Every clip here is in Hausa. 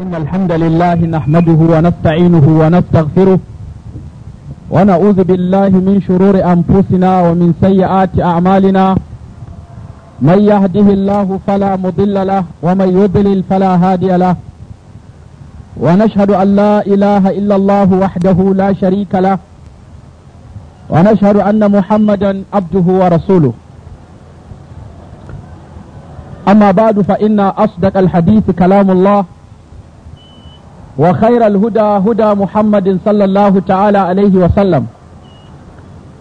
إن الحمد لله نحمده ونستعينه ونستغفره ونعوذ بالله من شرور أنفسنا ومن سيئات أعمالنا من يهده الله فلا مضل له ومن يضلل فلا هادي له ونشهد أن لا إله إلا الله وحده لا شريك له ونشهد أن محمدا عبده ورسوله أما بعد فإن أصدق الحديث كلام الله وخير الهدى هدى محمد صلى الله تعالى عليه وسلم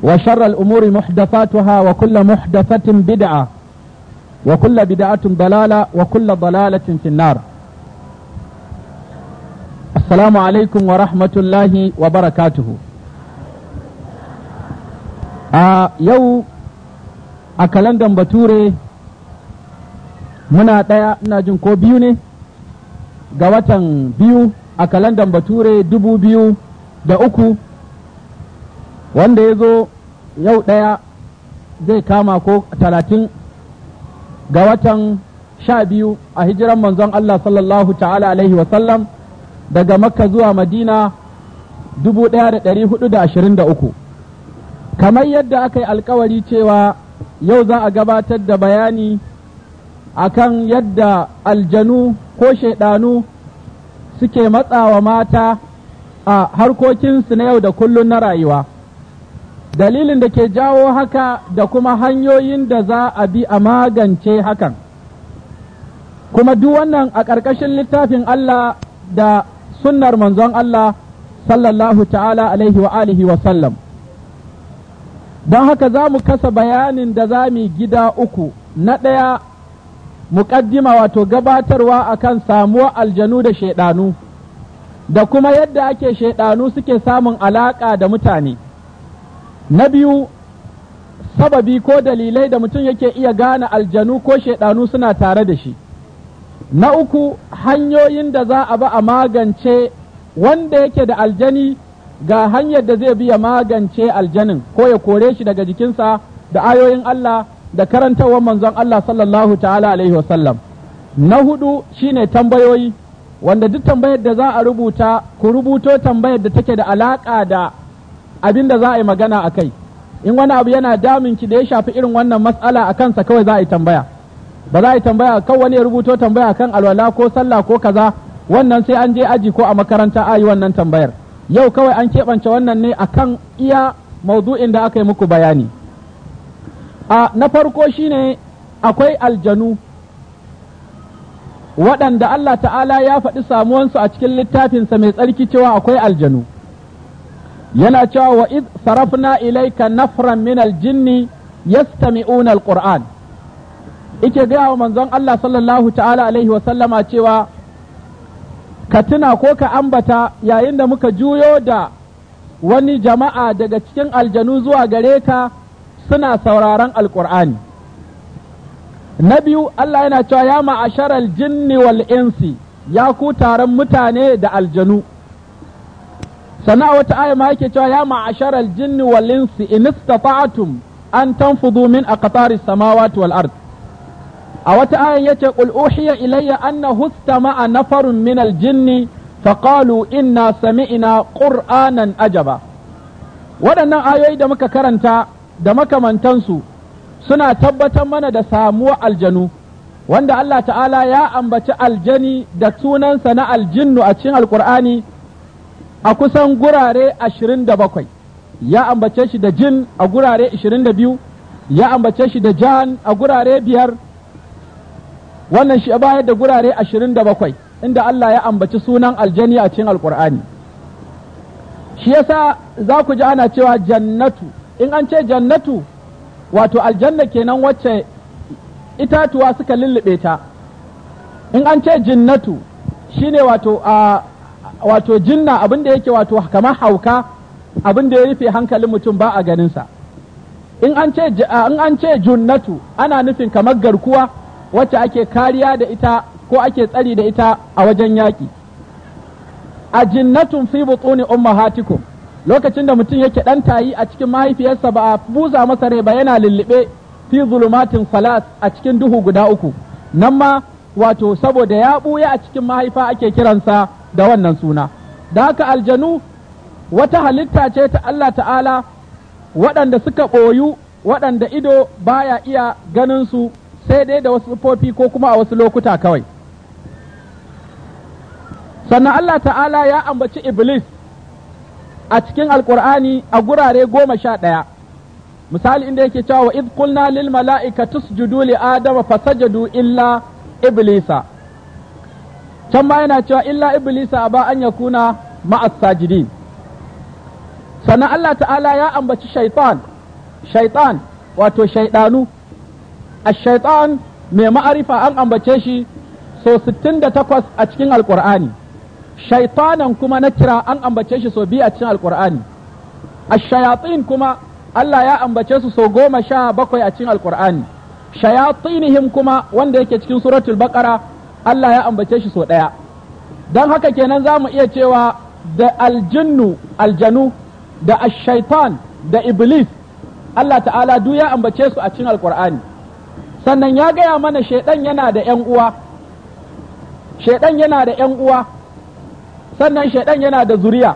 وشر الأمور محدثاتها وكل محدثة بدعة وكل بدعة ضلالة وكل ضلالة في النار السلام عليكم ورحمة الله وبركاته آه يو أكلندا بتوري منا ɗaya ina jin ko biyu ne ga watan biyu a kalandan bature dubu biyu da uku wanda ya zo yau ɗaya zai kama ko talatin ga watan sha biyu a hijiran manzon Allah sallallahu ta'ala alaihi wasallam daga makka zuwa madina dubu ɗaya da ɗari hudu da ashirin da uku kamar yadda aka yi alkawari cewa yau za a gabatar da bayani akan yadda aljanu ko shaidanu suke matsawa mata a harkokinsu na yau da kullum na rayuwa dalilin da ke jawo haka da kuma hanyoyin da za a bi a magance hakan kuma duk wannan a ƙarƙashin littafin Allah da sunnar manzon Allah sallallahu ta'ala alaihi wa alihi wa sallam don haka za mu kasa bayanin da za mu gida uku na ɗaya muƙaddima wato gabatarwa akan samuwar aljanu da shaiɗanu da kuma yadda ake shaiɗanu suke samun alaƙa da mutane na biyu sababi ko dalilai da mutum yake iya gane aljanu ko shaiɗanu suna tare da shi na uku hanyoyin da za a ba a magance wanda yake da aljani ga hanyar da zai bi ya magance aljanin ko ya kore shi daga jikinsa da ayoyin Allah da karantawar manzon Allah sallallahu ta'ala alaihi wasallam na hudu shine tambayoyi wanda duk tambayar da za a rubuta ku rubuto tambayar da take da alaƙa da abin da za a yi magana a kai in wani abu yana damin ki da ya shafi irin wannan matsala a kansa kawai za a yi tambaya ba za a yi tambaya kan wani ya rubuto tambaya kan alwala ko sallah ko kaza wannan sai an je aji ko a makaranta a yi wannan tambayar yau kawai an keɓance wannan ne akan iya maudu'in da aka yi muku bayani a na farko shine akwai aljanu waɗanda Allah ta'ala ya faɗi samuwansu a cikin littafinsa mai tsarki cewa akwai aljanu yana cewa wa iz sarafna ilayka nafran min aljinni yastami'una alquran ike gaya wa manzon Allah sallallahu ta'ala alaihi wa sallama cewa ka tuna ko ka ambata yayin da muka juyo da wani jama'a daga cikin aljanu zuwa gare ka suna sauraron alƙur'ani na biyu Allah yana cewa ya ma'asharal jinni wal insi ya ku taron mutane da aljanu sana wata aya ma yake cewa ya ma'asharal jinni wal insi in istata'tum an tanfudu min aqtaris samawati wal ard a wata aya yace qul uhiya ilayya annahu istama'a nafarun min al faqalu inna sami'na qur'anan ajaba waɗannan ayoyi da muka karanta da makamantansu suna tabbatar mana da samuwar aljanu wanda Allah ta'ala ya ambaci aljani da sunansa na aljinnu a cikin alkur'ani a kusan gurare ashirin da bakwai ya ambace shi da jin a gurare ashirin da biyu ya ambace shi da jan a gurare biyar wannan shi bayar da gurare ashirin da bakwai inda Allah ya ambaci sunan aljani a cikin alkur'ani shi yasa za ku ji ana cewa jannatu in an ce jannatu wato aljanna kenan wacce itatuwa suka lullube ta in an ce jinnatu shine wato a wato jinna abin da yake wato kamar hauka abin da ya rufe hankalin mutum ba a ganinsa in an ce in an ce junnatu ana nufin kamar garkuwa wacce ake kariya da ita ko ake tsari da ita a wajen yaƙi a jinnatun fi butuni ummahatikum lokacin da mutum yake ɗan tayi a cikin mahaifiyarsa ba a buza masa rai ba yana lullube fi zulumatin salas a cikin duhu guda uku nan ma wato saboda ya ɓuya a cikin mahaifa ake kiransa da wannan suna da haka aljanu wata halitta ce ta Allah ta'ala waɗanda suka ɓoyu waɗanda ido baya iya ganin su sai dai da wasu sufofi ko kuma a wasu lokuta kawai sannan Allah ta'ala ya ambaci iblis a cikin alkur'ani a gurare goma sha ɗaya misali inda yake cewa id kulna lil mala'ika tusjudu li adama fasajadu illa iblisa can ma yana cewa illa iblisa ba an yakuna ma'as sajidin sannan Allah ta'ala ya ambaci shaitan shaitan wato shaidanu a shaitan mai ma'arifa an ambace shi so 68 a cikin alkur'ani shaitanan kuma na kira an ambace shi sau biyu a cikin alkur'ani ashayatin kuma Allah ya ambace su sau goma sha bakwai a cikin alkur'ani shayatinihim kuma wanda yake cikin suratul baqara Allah ya ambace shi sau ɗaya don haka kenan za mu iya cewa da aljinnu aljanu da ashaitan da iblis Allah ta'ala duk ya ambace su a cikin alkur'ani sannan ya gaya mana shaidan yana da yan uwa shaidan yana da yan uwa sannan shaidan yana da zuriya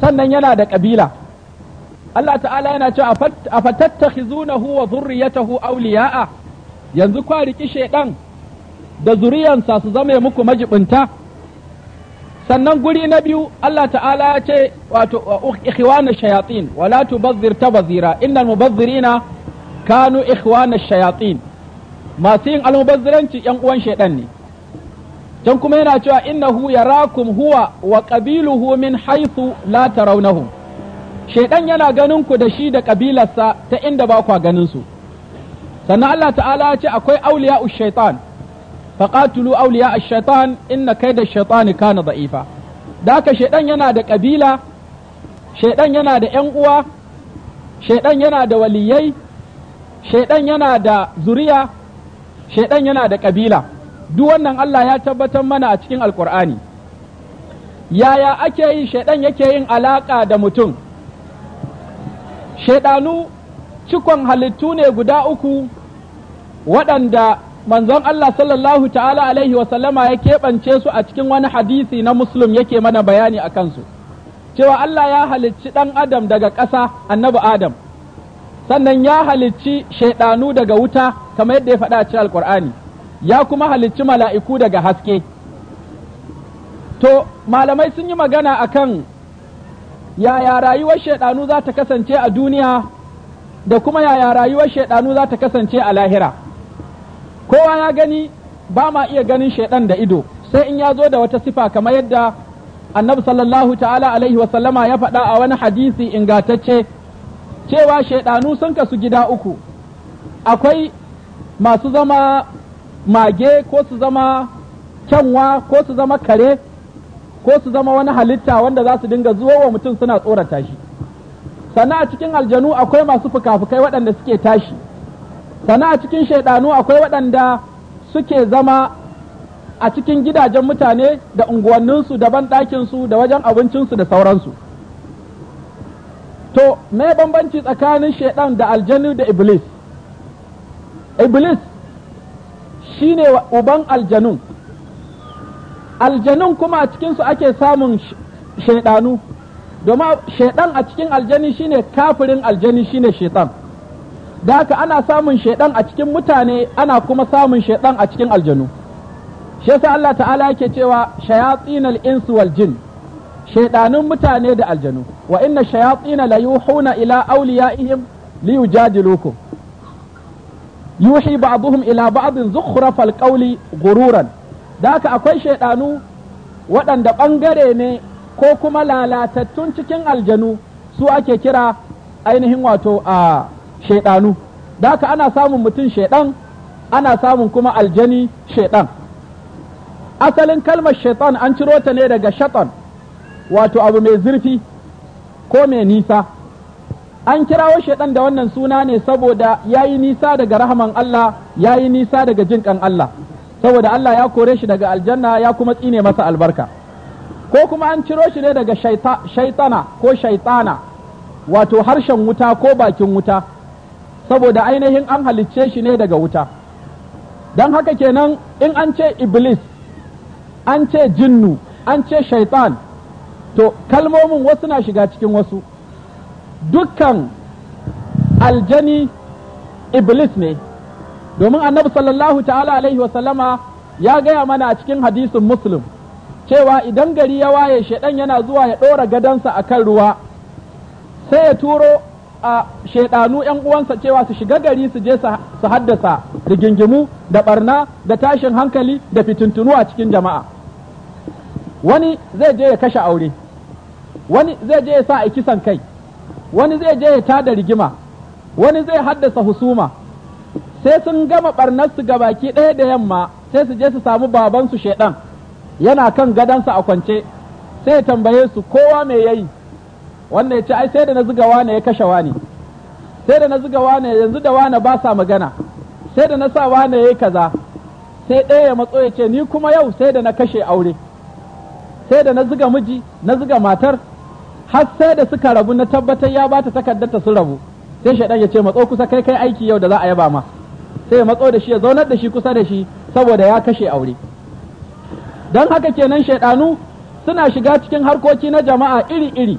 sannan yana da kabila Allah ta'ala yana cewa afatattakhizunahu wa dhurriyyatahu awliya'a yanzu kwa riki shaidan da zuriyansa su zama muku majibinta sannan guri na biyu Allah ta'ala ya ce wato uh, ikhwana shayatin wala tubazzir tabazira innal mubazzirina kanu ikhwana shayatin masu yin almubazziranci yan uwan shaidan ne can kuma yana cewa innahu yarakum huwa wa qabiluhu min haythu la raunahu, shedan yana ganin ku da shi da kabilarsa ta inda ba kwa ganin su sannan Allah ta'ala ya ce akwai auliya shaitan faqatulu auliya ash-shaitan inna kayda ash-shaitani kana za'ifa. da haka shaiɗan yana da ƙabila, shaiɗan yana da yan uwa shaiɗan yana da waliyai shaiɗan yana da zuriya shaiɗan yana da kabila duk wannan Allah ya tabbatar mana a cikin alkur'ani yaya ake yi shaidan yake yin alaka da mutum shaidanu cikon halittu ne guda uku waɗanda manzon Allah sallallahu ta'ala alaihi wasallama ya keɓance su a cikin wani hadisi na muslim yake mana bayani a kansu cewa Allah ya halicci ɗan adam daga ƙasa annabi adam sannan ya halicci shaidanu daga wuta kamar yadda ya faɗa a cikin alkur'ani ya kuma halicci mala'iku daga haske to malamai sun yi magana akan yaya rayuwar shaiɗanu za ta kasance a duniya da kuma yaya rayuwar shaɗanu za ta kasance a lahira kowa ya gani ba ma iya ganin shaidan da ido sai in ya zo da wata sifa kamar yadda annabi sallallahu ta'ala alaihi wasallama ya faɗa a wani hadisi ingatacce cewa shaiɗanu sun kasu gida uku akwai masu zama mage ko su zama kyanwa ko su zama kare ko su zama wani halitta wanda za su dinga zuwa wa mutum suna tsorata shi sannan a cikin aljanu akwai masu fuka waɗanda suke tashi sannan a cikin shaidanu akwai waɗanda suke zama a cikin gidajen mutane da unguwanninsu da banɗakinsu da wajen abincinsu da sauransu to me bambanci tsakanin shaidan da aljanu da iblis iblis shine uban aljanun aljanun kuma a cikinsu ake samun shaidanu domin shaidan a cikin aljani shine kafirin aljani shine shaitan da haka ana samun shaidan a cikin mutane ana kuma samun shaidan a cikin aljanu shi yasa Allah ta'ala yake cewa al insu wal jin shaidanun mutane da aljanu wa inna shayatsina la yuhuna ila awliyaihim liyujadilukum yuhi ba'dhum ila ba'dhin zukhrafal qawli ghururan da haka akwai shaydanu waɗanda ɓangare ne ko kuma lalatattun cikin aljanu su ake kira ainihin wato a shaydanu da haka ana samun mutum shaydan ana samun kuma aljani shaydan asalin kalmar shaitan an ciro ta ne daga shaytan wato abu mai zurfi ko mai nisa an kirawo shaidan da wannan suna ne saboda ya yi nisa daga rahaman Allah ya yi nisa daga jinƙan Allah saboda Allah ya kore shi daga aljanna ya kuma tsine masa albarka ko kuma an ciro shi ne daga shaitana ko shaitana wato harshen wuta ko bakin wuta saboda ainihin an halicce shi ne daga wuta don haka kenan in an ce iblis an ce jinnu an ce shaitan to kalmomin wasu na shiga cikin wasu dukkan aljani iblis ne domin annabi sallallahu ta'ala alaihi wasallama ya gaya mana a cikin hadisin muslim cewa idan gari ya waye shaidan yana zuwa ya ɗora gadonsa a kan ruwa sai ya turo a shaidanu yan uwansa cewa su shiga gari su je su haddasa rigingimu da barna da tashin hankali da fitintunu a cikin jama'a wani zai je ya kashe aure wani zai je ya sa a kisan kai wani zai je ya tada rigima wani zai haddasa husuma sai sun gama barnarsu ga baki ɗaya da yamma sai su je su samu babansu shaidan yana kan gadansa a kwance sai ya tambaye su kowa me yayi wannan ya ce ai sai da na zuga wane ya kashe wane sai da na zuga wane yanzu da wane ba sa magana sai da na sa wane yayi kaza sai ɗaya ya matso ya ce ni kuma yau sai da na kashe aure sai da na zuga miji na zuga matar har sai da suka rabu na tabbatar ya bata takardar ta su rabu sai shaidan ya ce matso kusa kai kai aiki yau da za a yaba ma sai ya matso da shi ya zaunar da shi kusa da shi saboda ya kashe aure dan haka kenan shaidanu suna shiga cikin harkoki na jama'a iri-iri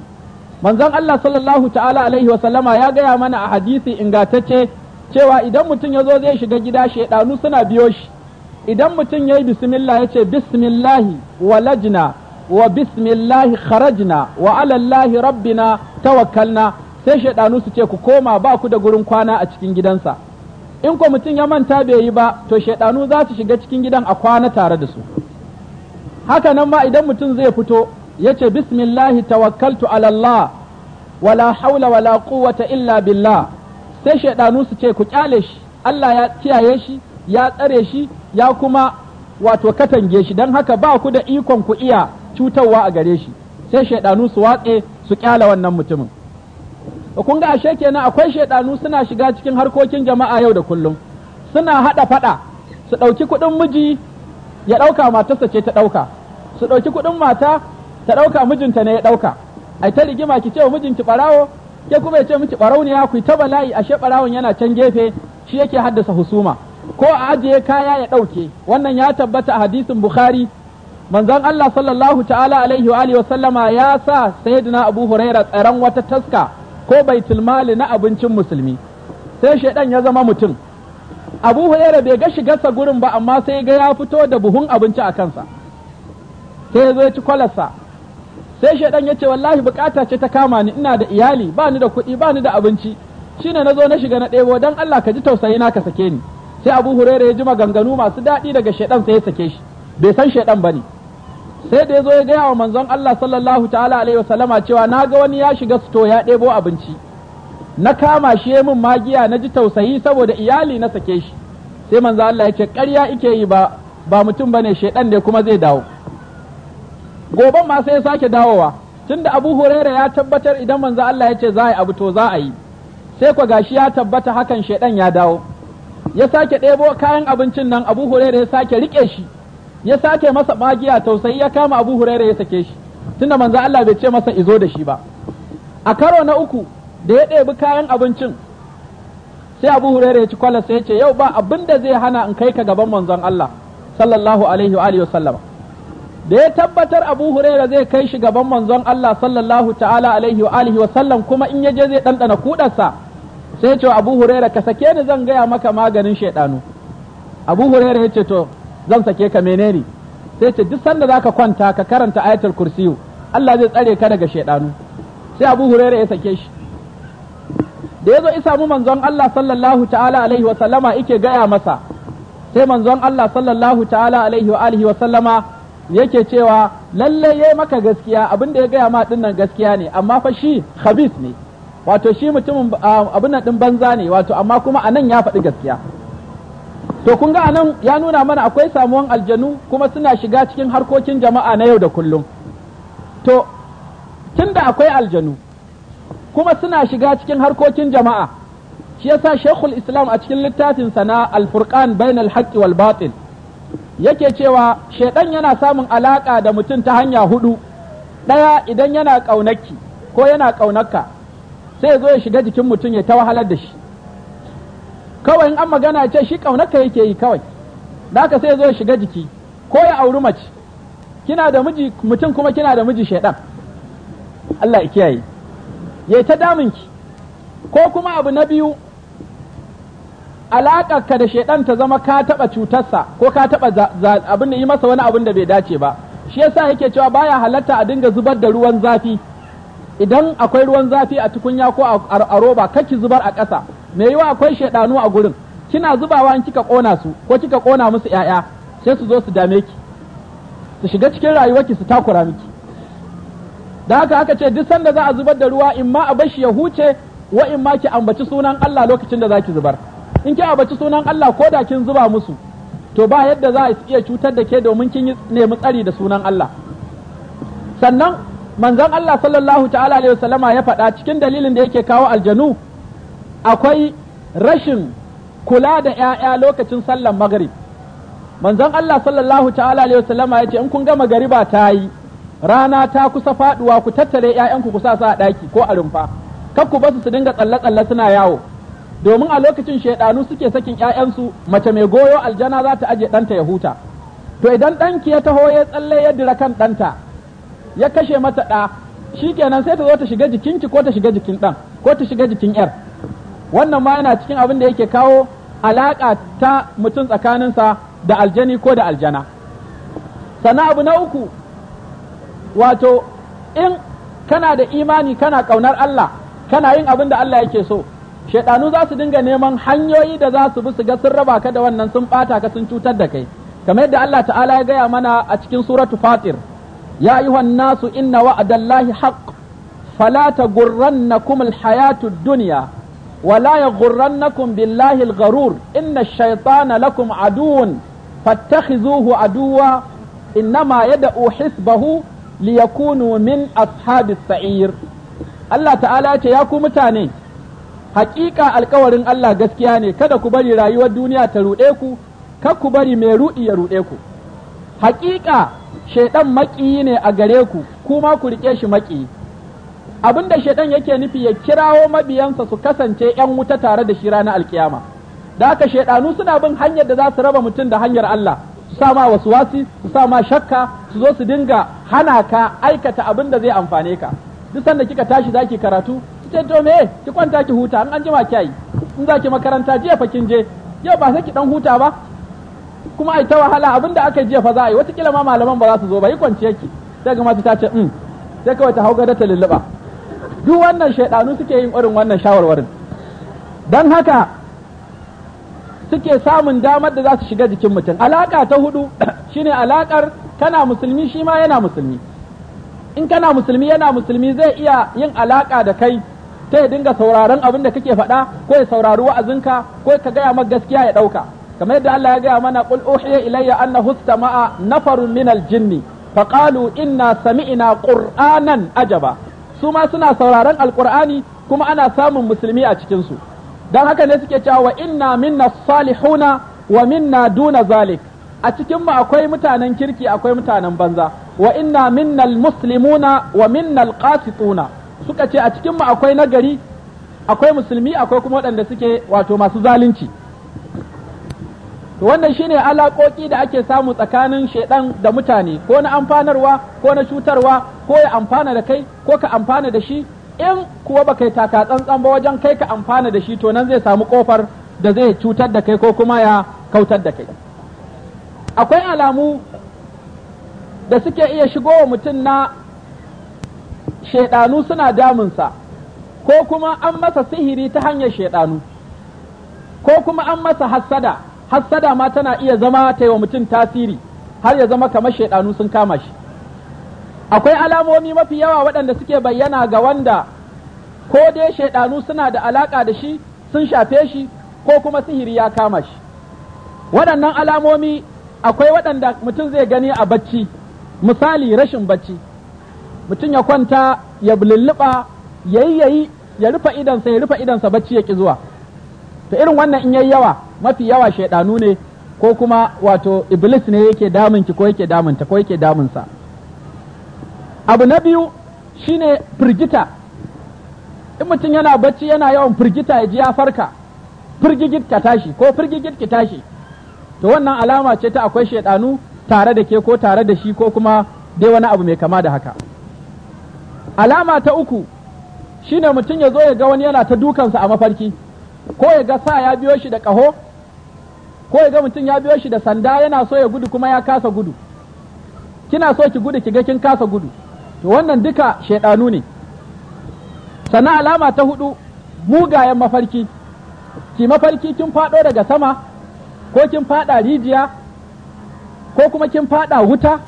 manzon Allah sallallahu ta'ala alaihi wa sallama ya gaya mana a hadisi ingatacce cewa idan mutum ya zo zai shiga gida shaidanu suna biyo shi idan mutum ya yi bismillah ya ce bismillahi walajna wa bismillahi kharajna wa alallahi rabbina tawakkalna sai shaidanu su ce ku koma ba ku da gurin kwana a cikin gidansa in ko mutum ya manta bai yi ba to shaidanu za su shiga cikin gidan a kwana tare da su haka nan ma idan mutum zai fito ya ce bismillahi tawakkaltu alallah wala haula wala quwwata illa billah sai shaidanu su ce ku kyale shi Allah ya kiyaye shi ya tsare shi ya kuma wato katange shi dan haka ba ku da ikon ku iya cutarwa a gare shi sai shaidanu su watse su kyala wannan mutumin kun ga ashe kenan akwai shaidanu suna shiga cikin harkokin jama'a yau da kullum suna hada fada su ɗauki kuɗin miji ya ɗauka matarsa ce ta ɗauka su ɗauki kuɗin mata ta ɗauka mijinta ne ya ɗauka ai ta rigima ki ce wa mijinki ɓarawo ke kuma ya ce miki ɓarauniya ku ta bala'i ashe barawon yana can gefe shi yake haddasa husuma ko a ajiye kaya ya ɗauke wannan ya tabbata a hadisin bukhari manzon Allah sallallahu ta'ala alaihi wa alihi sallama ya sa sayyidina Abu Huraira tsaron wata taska ko baitul mali na abincin musulmi sai shaidan ya zama mutum Abu Huraira bai ga shigarsa gurin ba amma sai ga ya fito da buhun abinci a kansa sai ya zo ya ci kwalarsa sai shaidan ya ce wallahi bukata ce ta kama ni ina da iyali ba ni da kuɗi ba ni da abinci shine na zo na shiga na ɗebo dan Allah ka ji tausayi na ka sake ni sai Abu Huraira ya ji maganganu masu daɗi daga shaidan sai ya sake shi bai san shaidan ba ne sai da ya zo ya gaya wa manzon Allah sallallahu ta'ala alaihi wasallama cewa na ga wani ya shiga sito ya ɗebo abinci na kama shi ya min magiya na ji tausayi saboda iyali na sake shi sai manzo Allah yake ƙarya ike yi ba ba mutum bane shedan ne kuma zai dawo goban ma sai ya sake dawowa tunda Abu Hurairah ya tabbatar idan manzo Allah ya ce za a yi abu to za a yi sai kwa gashi ya tabbata hakan shedan ya dawo ya sake ɗebo kayan abincin nan Abu Huraira ya sake rike shi ya sake masa magiya tausayi ya kama Abu Huraira ya sake shi tunda manzo Allah bai ce masa izo da shi ba a karo na uku da ya ɗebi kayan abincin sai Abu Huraira ya ci kwala sai ya ce yau ba abin da zai hana in kai ka gaban manzon Allah sallallahu alaihi wa sallama. da ya tabbatar Abu Huraira zai kai shi gaban manzon Allah sallallahu ta'ala alaihi wa alihi sallam kuma in ya je zai dandana kudarsa sai ya ce Abu Huraira ka sake ni zan gaya maka maganin shaidanu Abu Huraira ya ce to zan sake ka menene sai ce duk sanda zaka kwanta ka karanta ayatul kursiyu Allah zai tsare ka daga shaidanu sai Abu Hurairah ya sake shi da yazo ya mu manzon Allah sallallahu ta'ala alaihi wa sallama yake gaya masa sai manzon Allah sallallahu ta'ala alaihi wa alihi wa sallama yake cewa lalle yayi maka gaskiya abin da ya gaya ma dinnan gaskiya ne amma fa shi khabis ne wato shi mutumin ah, abin nan din banza ne wato amma kuma anan ya faɗi gaskiya to kun ga anan ya nuna mana akwai samuwan aljanu kuma suna shiga cikin harkokin jama'a na yau da kullum to tunda akwai aljanu kuma suna shiga cikin harkokin jama'a shi yasa shekul islam a cikin littafin sa na alfurkan bainal haqqi wal batil yake cewa shaidan yana samun alaka da mutum ta hanya hudu ɗaya idan yana ƙaunaki ko yana ƙaunaka sai ya zo ya shiga jikin mutum ya ta wahalar da shi kawai in an magana ce shi kaunaka yake yi kawai ka sai zo shiga jiki ko ya auri mace kina da miji mutum kuma kina da miji shaidan Allah ya kiyaye yayi ta damunki ko kuma abu na biyu ka da shaidan ta zama ka taɓa cutarsa ko ka taɓa abin da yi masa wani abin da bai dace ba shi yasa yake cewa baya halatta a dinga zubar da ruwan zafi idan akwai ruwan zafi a tukunya ko a roba kake zubar a ƙasa me yiwa akwai shaidanu a gurin kina zubawa in kika kona su ko kika kona musu yaya sai su zo su dame ki su shiga cikin rayuwarki su takura miki da haka aka ce duk sanda za a zubar da ruwa in ma a bashi ya huce wa in ma ki ambaci sunan Allah lokacin da zaki zubar in ki ambaci sunan Allah ko da kin zuba musu to ba yadda za a iya cutar da ke domin kin nemi tsari da sunan Allah sannan manzon Allah sallallahu ta'ala alaihi wasallama ya faɗa cikin dalilin da yake kawo aljanu akwai rashin kula da ‘ya'ya lokacin sallan magrib manzon Allah sallallahu ta'ala alaihi wasallama ya ce in kun gari ba ta yi rana ta kusa faduwa ku tattare ‘ya'yanku ku sa su a ɗaki ko a rumfa kar ku basu su dinga tsalle-tsalle suna yawo domin a lokacin shaidanu suke sakin ‘ya'yansu mace mai goyo aljana za ta aje ɗanta ya huta to idan ɗanki ya taho ya tsalle ya dira kan ɗanta ya kashe mata ɗa shi kenan sai ta zo ta shiga jikinki ko ta shiga jikin ɗan ko ta shiga jikin ‘yar wannan ma yana cikin abin da yake kawo alaƙa ta mutum tsakaninsa da aljani ko da aljana sannan abu na uku wato in kana da imani kana ƙaunar Allah kana yin abin da Allah yake so shaidanu za su dinga neman hanyoyi da za su bi su ga sun raba ka da wannan sun ɓata ka sun cutar da kai kamar yadda Allah ta'ala ya gaya mana a cikin suratu fatir ya ayyuhan nasu inna wa'adallahi haqq fala taghurrannakum alhayatud dunya wala yaghurrannakum billahi al-gharur inna ash-shaytana lakum aduwwun fattakhizuhu aduwwa innama yad'u hisbahu liyakunu min ashabis sa'ir Allah ta'ala ce ya ku mutane haƙiƙa alkawarin Allah gaskiya ne kada ku bari rayuwar duniya ta ruɗe ku kada ku bari mai ruɗi ya ruɗe ku haƙiƙa shaidan maƙiyi ne a gare ku kuma ku riƙe shi maƙiyi abin da shaiɗan yake nufi ya kirawo mabiyansa su kasance yan wuta tare da shi ranar alkiyama da haka shaidanu suna bin hanyar da za su raba mutum da hanyar Allah su sa ma wasuwasi su sa shakka su zo su dinga hana ka aikata abin da zai amfane ka duk sanda kika tashi zaki karatu ki to me ki kwanta ki huta an jima kyai in zaki makaranta jiya fa kin je yau ba sai ki dan huta ba kuma ai ta wahala abin da aka jiya fa za a yi wata kila ma malaman ba za su zo ba yi kwanciyar ki sai ga mata ta ce mm. sai kawai ta hau gada ta lulluba. duk wannan shaidanu suke yin irin wannan shawarwarin don haka suke samun damar da za su shiga jikin mutum alaka ta hudu shine alakar kana musulmi shi ma yana musulmi in kana musulmi yana musulmi zai iya yin alaka da kai ta ya dinga sauraron abin da kake faɗa ko ya saurari wa'azinka ko ka gaya maka gaskiya ya ɗauka kamar yadda Allah ya gaya mana qul uhiya ilayya annahu istama'a nafarun minal jinni faqalu inna sami'na qur'anan ajaba su ma suna sauraron alkur'ani kuma ana samun musulmi a cikinsu don haka ne suke cewa wa inna minna salihuna wa minna duna zalik a cikinmu akwai mutanen kirki akwai mutanen banza wa inna minnal muslimuna wa minnal qasituna suka ce a cikinmu akwai nagari akwai musulmi akwai kuma waɗanda suke wato masu zalunci to wannan shine alaƙoƙi da ake samu tsakanin shaiɗan da mutane ko na amfanarwa ko na cutarwa ko ya amfana da kai ko ka amfana da shi in kuwa ba kai taka tsantsan ba wajen kai ka amfana da shi to nan zai samu ƙofar da zai cutar da kai ko kuma ya kautar da kai akwai alamu da suke iya shigo wa mutum na shaiɗanu suna damunsa ko kuma an masa sihiri ta hanyar shaiɗanu ko kuma an masa hassada hassada ma tana iya zama ta yi wa mutum tasiri har ya zama kamar shaidanu sun kama shi akwai alamomi mafi yawa waɗanda suke bayyana ga wanda ko dai shaidanu suna da alaka da shi sun shafe shi ko kuma sihiri ya kama shi waɗannan alamomi akwai waɗanda mutum zai gani a bacci misali rashin bacci mutum ya kwanta ya lulluɓa ya yi ya yi ya rufe idansa ya rufe idansa bacci ya ki zuwa to irin wannan in yayi yawa mafi yawa shaidanu ne ko kuma wato iblis ne yake damunki ko yake damunta ko yake damunsa abu na biyu shine firgita in mutum yana bacci yana yawan firgita ya ji ya farka firgigit ka tashi ko firgigit ki tashi to wannan alama ce ta akwai shaidanu tare da ke ko tare da shi ko kuma dai wani abu mai kama da haka alama ta uku shine mutum ya zo ya ga wani yana ta dukansa a mafarki ko ya ga sa ya biyo shi da ƙaho ko ya ga mutum ya biyo shi da sanda yana so ya gudu kuma ya kasa gudu kina so ki gudu ki ga kin kasa gudu to wannan duka shaidanu ne sannan alama ta hudu mugayen mafarki ki mafarki kin faɗo daga sama ko kin faɗa rijiya ko kuma kin faɗa wuta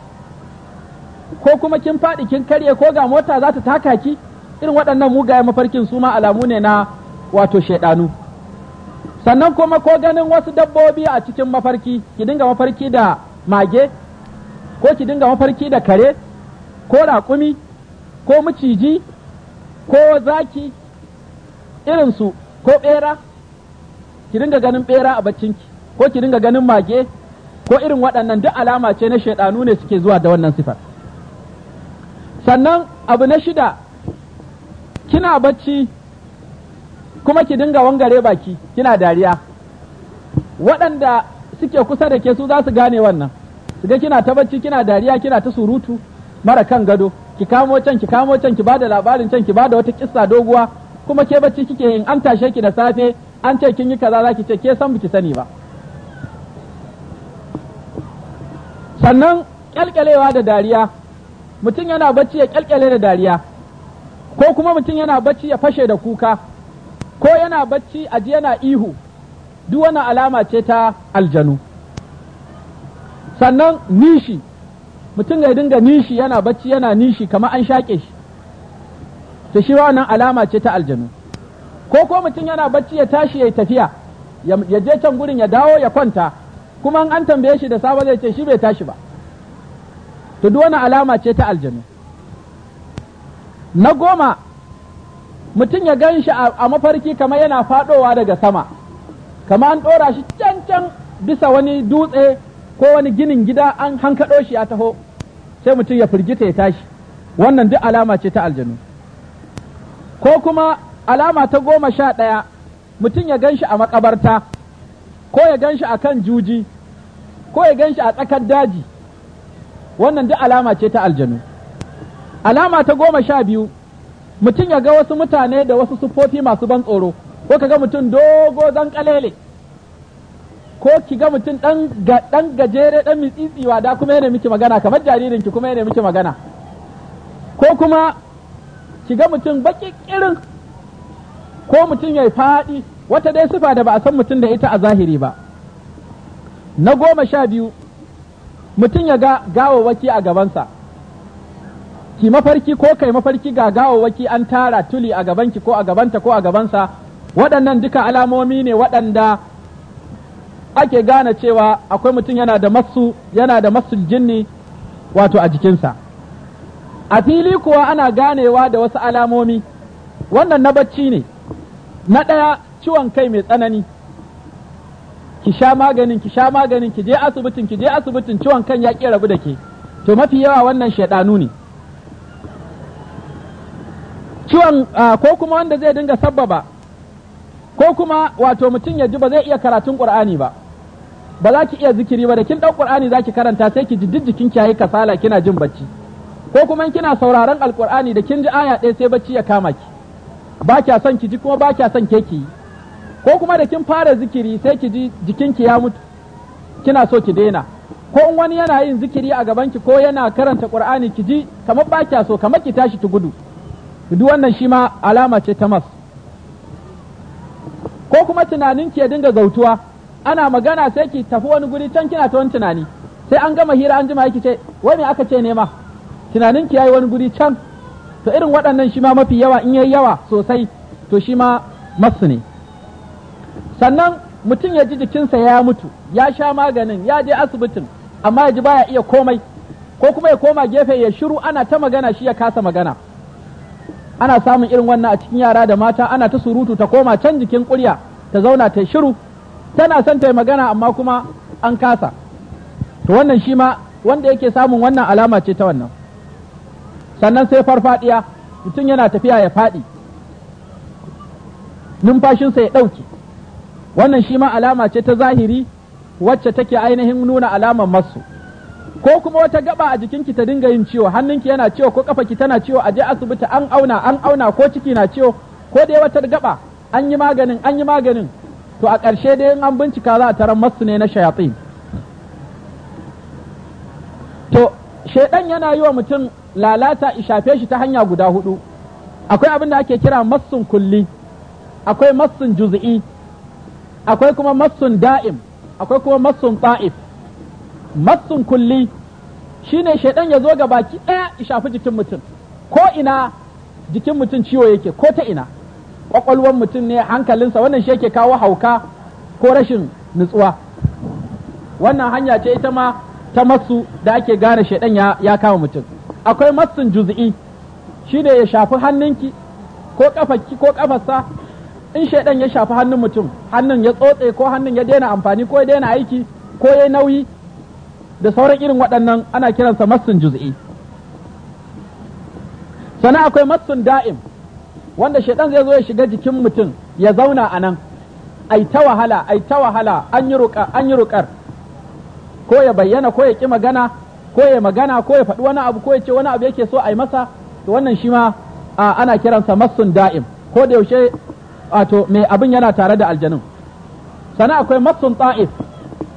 ko kuma kin faɗi kin karye ko ga mota za ta taka ki irin waɗannan mugayen mafarkin su ma alamu ne na wato shaidanu. sannan kuma ko ganin wasu dabbobi a cikin mafarki ki dinga mafarki da mage ko ki dinga mafarki da kare ko raƙumi ko maciji ko zaki irinsu ko ɓera ki dinga ganin ɓera a baccinki ko ki dinga ganin mage ko irin waɗannan duk alama ce na shaiɗanu ne suke zuwa da wannan sifar sannan abu na shida kina bacci kuma ki dinga wangare baki kina dariya waɗanda suke kusa da ke su za su gane wannan su ga kina ta bacci kina dariya kina ta surutu mara kan gado ki kamo can ki kamo can ki bada labarin can ki da wata kisa doguwa kuma ke bacci kike in an tashe ki da safe an ce kin yi kaza zaki ce ke san biki sani ba sannan kyalkyalewa da dariya mutum yana bacci ya kyalkyale da dariya ko kuma mutum yana bacci ya fashe da kuka ko yana bacci a ji yana ihu duk wani alama ce ta aljanu sannan nishi mutum ya dinga nishi yana bacci yana nishi kamar an shaƙe shi to shi wannan alama ce ta aljanu ko ko mutum yana bacci ya tashi ya yi tafiya ya je can gurin ya dawo ya kwanta kuma an tambaye shi da saba zai ce shi bai tashi ba to duk wani alama ce ta aljanu na goma mutum ya gan shi a mafarki kamar yana faɗowa daga sama kama an ɗora shi can can bisa wani dutse ko wani ginin gida an hankaɗo shi ya taho sai mutum ya firgita ya tashi wannan duk alama ce ta aljanu ko kuma alama ta goma sha ɗaya mutum ya gan shi a makabarta ko ya gan shi a kan juji ko ya gan shi a tsakar daji wannan duk alama ce ta aljanu alama ta goma sha biyu mutum ya ga wasu mutane da wasu sufofi masu ban tsoro ko ka ga mutum dogo zan kalele ko ki ga mutum dan gajere dan mitsitsiwa da kuma yana miki magana kamar jaririn ki kuma yana miki magana ko kuma ki ga mutum baki kirin ko mutum ya faɗi wata dai sifa da ba a san mutum da ita a zahiri ba na goma sha biyu mutum ya ga gawawaki a gabansa ki mafarki ko kai mafarki ga gawawaki an tara tuli a gabanki ko a gabanta ko a gabansa waɗannan duka alamomi ne waɗanda ake gane cewa akwai mutum yana da masu yana da masu jinni wato a jikinsa a fili kuwa ana ganewa da wasu alamomi wannan na bacci ne na ɗaya ciwon kai mai tsanani ki sha maganin ki sha maganin ki je asibitin ki je asibitin ciwon kan ya ƙi rabu da ke to mafi yawa wannan shaidanu ne ciwon ah, ko kuma wanda zai dinga sabbaba ko kuma wato mutum ya ji ba zai iya karatun qur'ani ba ba za ki iya zikiri ba da kin ɗau qur'ani za ki karanta sai ki ji jijjikin ki yayi kasala kina jin bacci ko kuma kina sauraron alqur'ani da kin ji aya ɗaya sai bacci ya kama ki ba kya son ki ji kuma ba kya son ke ki ko kuma da kin fara zikiri sai ki ji jikinki ya mutu kina so ki daina ko in wani yana yin zikiri a gaban ki ko yana karanta qur'ani ki ji kamar ba kya so kamar ki tashi ki gudu duk wannan shi ma alama ce ta mas ko kuma tunanin ki dinga zautuwa ana magana sai ki tafi wani guri can kina ta wani tunani sai an gama hira an jima yake ce wai me aka ce nema tunanin ki yayi wani guri can to irin waɗannan shi ma mafi yawa in yayi yawa sosai to shi ma masu ne sannan mutum ya ji jikinsa ya mutu ya sha maganin ya je asibitin amma ya ji baya iya komai ko kuma ya koma gefe ya shiru ana ta magana shi ya kasa magana ana samun irin wannan a cikin yara da mata ana ta surutu ta koma can jikin ƙurya ta zauna ta shiru tana son ta yi magana amma kuma an kasa to wannan shi ma wanda yake samun wannan alama ce ta wannan sannan sai farfadiya mutum yana tafiya ya faɗi numfashinsa ya ɗauki wannan shi ma alama ce ta zahiri wacce take ainihin nuna alamar masu ko kuma wata gaba a jikinki ta dinga yin ciwo hannunki yana ciwo ko kafarki tana ciwo a je asibiti an auna an auna ko ciki na ciwo ko dai wata gaba an yi maganin an yi maganin to a ƙarshe dai in an bincika za a tarar masu ne na shayatin to shaidan yana yi wa mutum lalata ishafe shi ta hanya guda hudu akwai abin da ake kira massun kulli akwai massun juz'i akwai kuma massun da'im akwai kuma massun ta'if matsun kulli shine shaidan ya zo ga baki ɗaya ya shafi jikin mutum ko ina jikin mutum ciwo yake ko ta ina ƙwaƙwalwar mutum ne hankalinsa wannan shi yake kawo hauka ko rashin nutsuwa wannan hanya ce ita ma ta masu da ake gane shaidan ya, ya kama mutum akwai matsun juzi'i shine ya shafi hannunki ko kafarki ko kafarsa in shaidan ya shafi hannun mutum hannun ya tsotse ko hannun ya daina amfani ko ya daina aiki ko ya nauyi da sauran irin waɗannan ana kiransa massun juz'i sannan akwai massun da'im wanda shaidan zai zo ya shiga jikin mutum ya zauna a nan ai ta wahala ai ta wahala an yi ruƙa an yi ruƙar ko ya bayyana ko ya ƙi magana ko ya magana ko ya faɗi wani abu ko ya ce wani abu yake so a yi masa to wannan shi ma ana kiransa massun da'im ko da yaushe wato mai abin yana tare da aljanun sannan akwai massun ta'if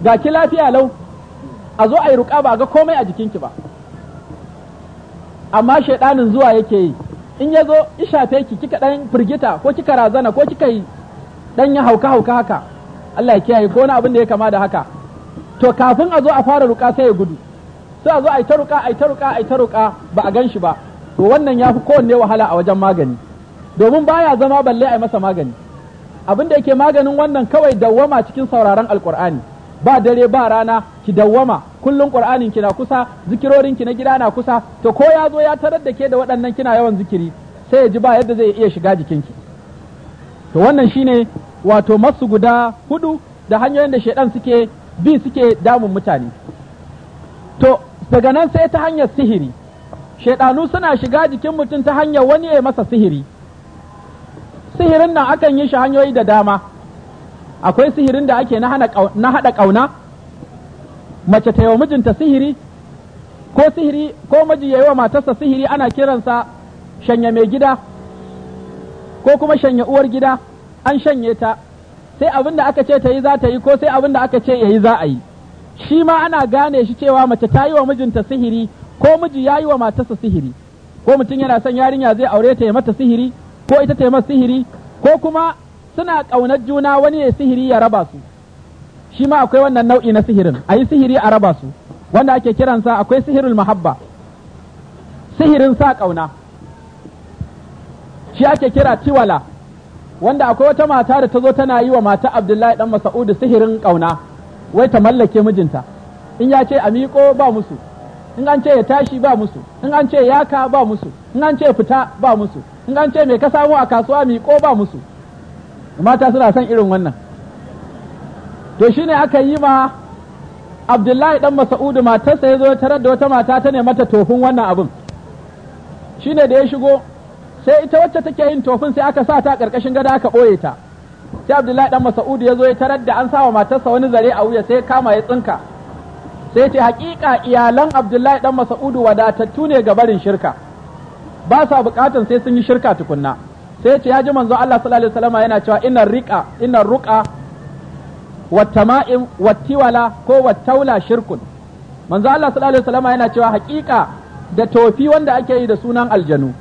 ga ki lafiya lau a zo a yi ruka ba ga komai a jikinki ba amma shaidanin zuwa yake yi in ya zo ishafe ki kika ɗan firgita ko kika razana ko kika yi dan ya hauka hauka haka Allah ya kiyaye ko wani abin da ya kama da haka to kafin a zo a fara ruka sai ya gudu sai a zo a yi ta ruka a yi ta ruka a yi ta ruka ba a gan shi ba to wannan ya fi kowanne wahala a wajen magani domin baya zama balle a yi masa magani abin da yake maganin wannan kawai dawwama cikin sauraron alkur'ani ba dare ba rana ki dawwama kullum qur'anin ki na kusa zikirorin ki na gida na kusa to ko ya zo ya tarar da ke da waɗannan kina yawan zikiri sai ya ji ba yadda zai iya shiga jikinki to wannan shine wato masu guda hudu da hanyoyin da shaidan suke bi suke damun mutane to daga nan sai ta hanyar sihiri shaidanu suna shiga jikin mutum ta hanyar wani ya masa sihiri sihirin nan akan yi shi hanyoyi da dama akwai sihirin da ake na haɗa ƙauna mace ta yi wa mijinta sihiri ko sihiri ko miji ya yi wa matarsa sihiri ana kiransa shanya mai gida ko kuma shanya uwar gida an shanye ta sai abin da aka ce ta yi za ta yi ko sai abin da aka ce ya yi za a yi shi ma ana gane shi cewa mace ta yi wa mijinta sihiri ko miji ya yi wa matarsa sihiri ko mutum yana son yarinya zai aure ta ya mata sihiri ko ita ta yi mata sihiri ko kuma suna ƙaunar juna wani ya sihiri ya raba su shi ma akwai wannan nau'i na sihirin a yi sihiri a raba su wanda ake kiransa akwai sihirul mahabba sihirin sa ƙauna shi ake kira tiwala wanda akwai wata mata da ta zo tana yi wa mata abdullahi dan masa'udu sihirin ƙauna wai ta mallake mijinta in ya ce a miƙo ba musu in an ce ya tashi ba musu in an ce yaka ba musu in an ce fita ba musu in an ce me ka samu a kasuwa miƙo ba musu mata suna son irin wannan to shi ne aka yi ma abdullahi dan masa'udu matarsa ya zo ya tarar da wata mata ta ne mata tofin wannan abin shi ne da ya shigo sai ita wacce take yin tofin sai aka sa ta karkashin gada aka ɓoye ta sai abdullahi dan masa'udu ya zo ya tarar da an sa wa matarsa wani zare a wuya sai ya kama ya tsinka sai ce hakika iyalan abdullahi dan masa'udu wadatattu ne ga barin shirka ba sa bukatan sai sun yi shirka tukunna sai ce ya ji manzo Allah sallallahu alaihi wasallam yana cewa inna riqa inna ruqa wa tiwala ko taula shirkun manzo Allah sallallahu alaihi wasallam yana cewa haƙiƙa da tofi wanda ake yi da sunan aljanu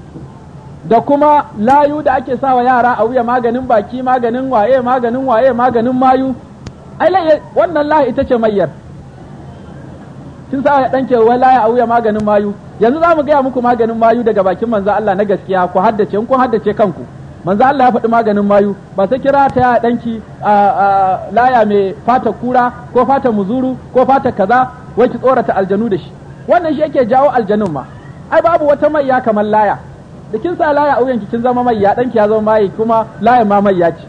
da kuma layu da ake sawa yara a wuya maganin baki maganin waye maganin waye maganin mayu ai wannan layi ita ce mayyar kin sa ya danke wai laya a wuya maganin mayu yanzu za mu gaya muku maganin mayu daga bakin manzo Allah na gaskiya ku haddace ku haddace kanku manzo Allah ya faɗi maganin mayu ba sai kira ta ya danki laya mai fata kura ko fata muzuru ko fata kaza wai ki tsorata aljanu da shi wannan shi yake jawo aljanun ma ai babu wata ya kamar laya da kin sa laya a wuyanki kin zama ya danki ya zama mai kuma laya ma ya ce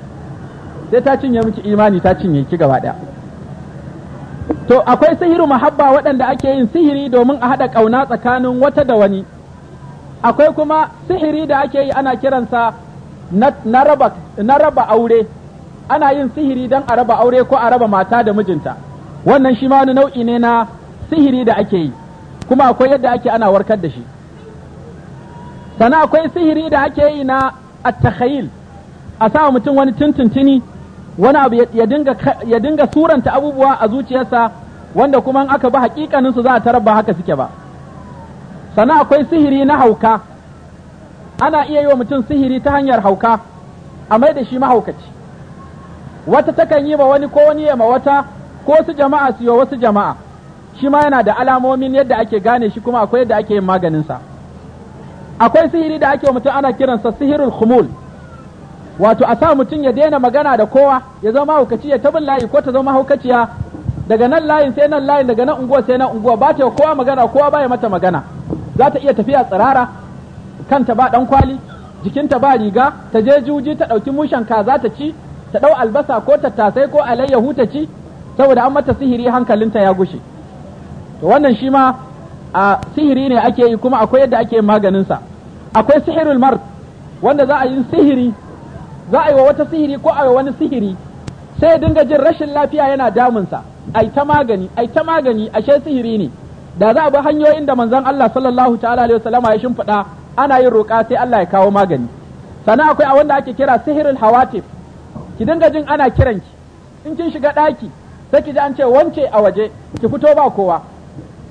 sai ta cinye miki imani ta cinye ki gaba daya to akwai sihiru mahabba waɗanda ake yin sihiri domin a haɗa ƙauna tsakanin wata da wani akwai kuma sihiri da ake yi ana kiransa na raba aure ana yin sihiri don a raba aure ko a raba mata da mijinta wannan shi ma wani nau'i ne na sihiri da ake yi kuma akwai yadda ake ana warkar da shi sana akwai sihiri da ake yi na attakhayil a sa mutum wani tuntuntuni wani abu ya dinga suranta abubuwa a zuciyarsa wanda kuma in aka bi haƙiƙanin su za a tarar ba haka suke ba sannan akwai sihiri na hauka ana iya yi wa mutum sihiri ta hanyar hauka a mai da shi mahaukaci wata takan yi ma wani ko wani ya ma wata ko su jama'a su yi wasu jama'a shi ma yana da alamomin yadda ake gane shi kuma akwai yadda ake yin maganinsa akwai sihiri da ake mutum ana kiransa sihirul khumul wato a sa mutum ya daina magana da kowa ya zama haukaci ya tabin layi ko ta zama haukaciya? daga nan layin sai nan layin daga nan unguwa sai nan unguwa ba ta kowa magana kowa baya mata magana za ta iya tafiya tsirara kanta ba dan kwali jikinta ba riga ta je juji ta ɗauki mushen kaza ta ci ta ɗau albasa ko tattasai ko alayyahu ta ci saboda an mata sihiri hankalinta ya gushe to wannan shi ma a sihiri ne ake yi kuma akwai yadda ake maganin sa akwai sihirul mar wanda za a yi sihiri za a yi wa wata sihiri ko a yi wani sihiri sai dinga jin rashin lafiya yana damunsa ai ta magani ai ta magani ashe sihiri ne da za a bi hanyoyin da manzon Allah sallallahu ta'ala alaihi wasallama ya shimfiɗa ana yin roƙa sai Allah ya kawo magani sannan akwai a wanda ake kira sihirul hawatif ki dinga jin ana kiran ki in kin shiga ɗaki sai ki ji an ce wance a waje ki fito ba kowa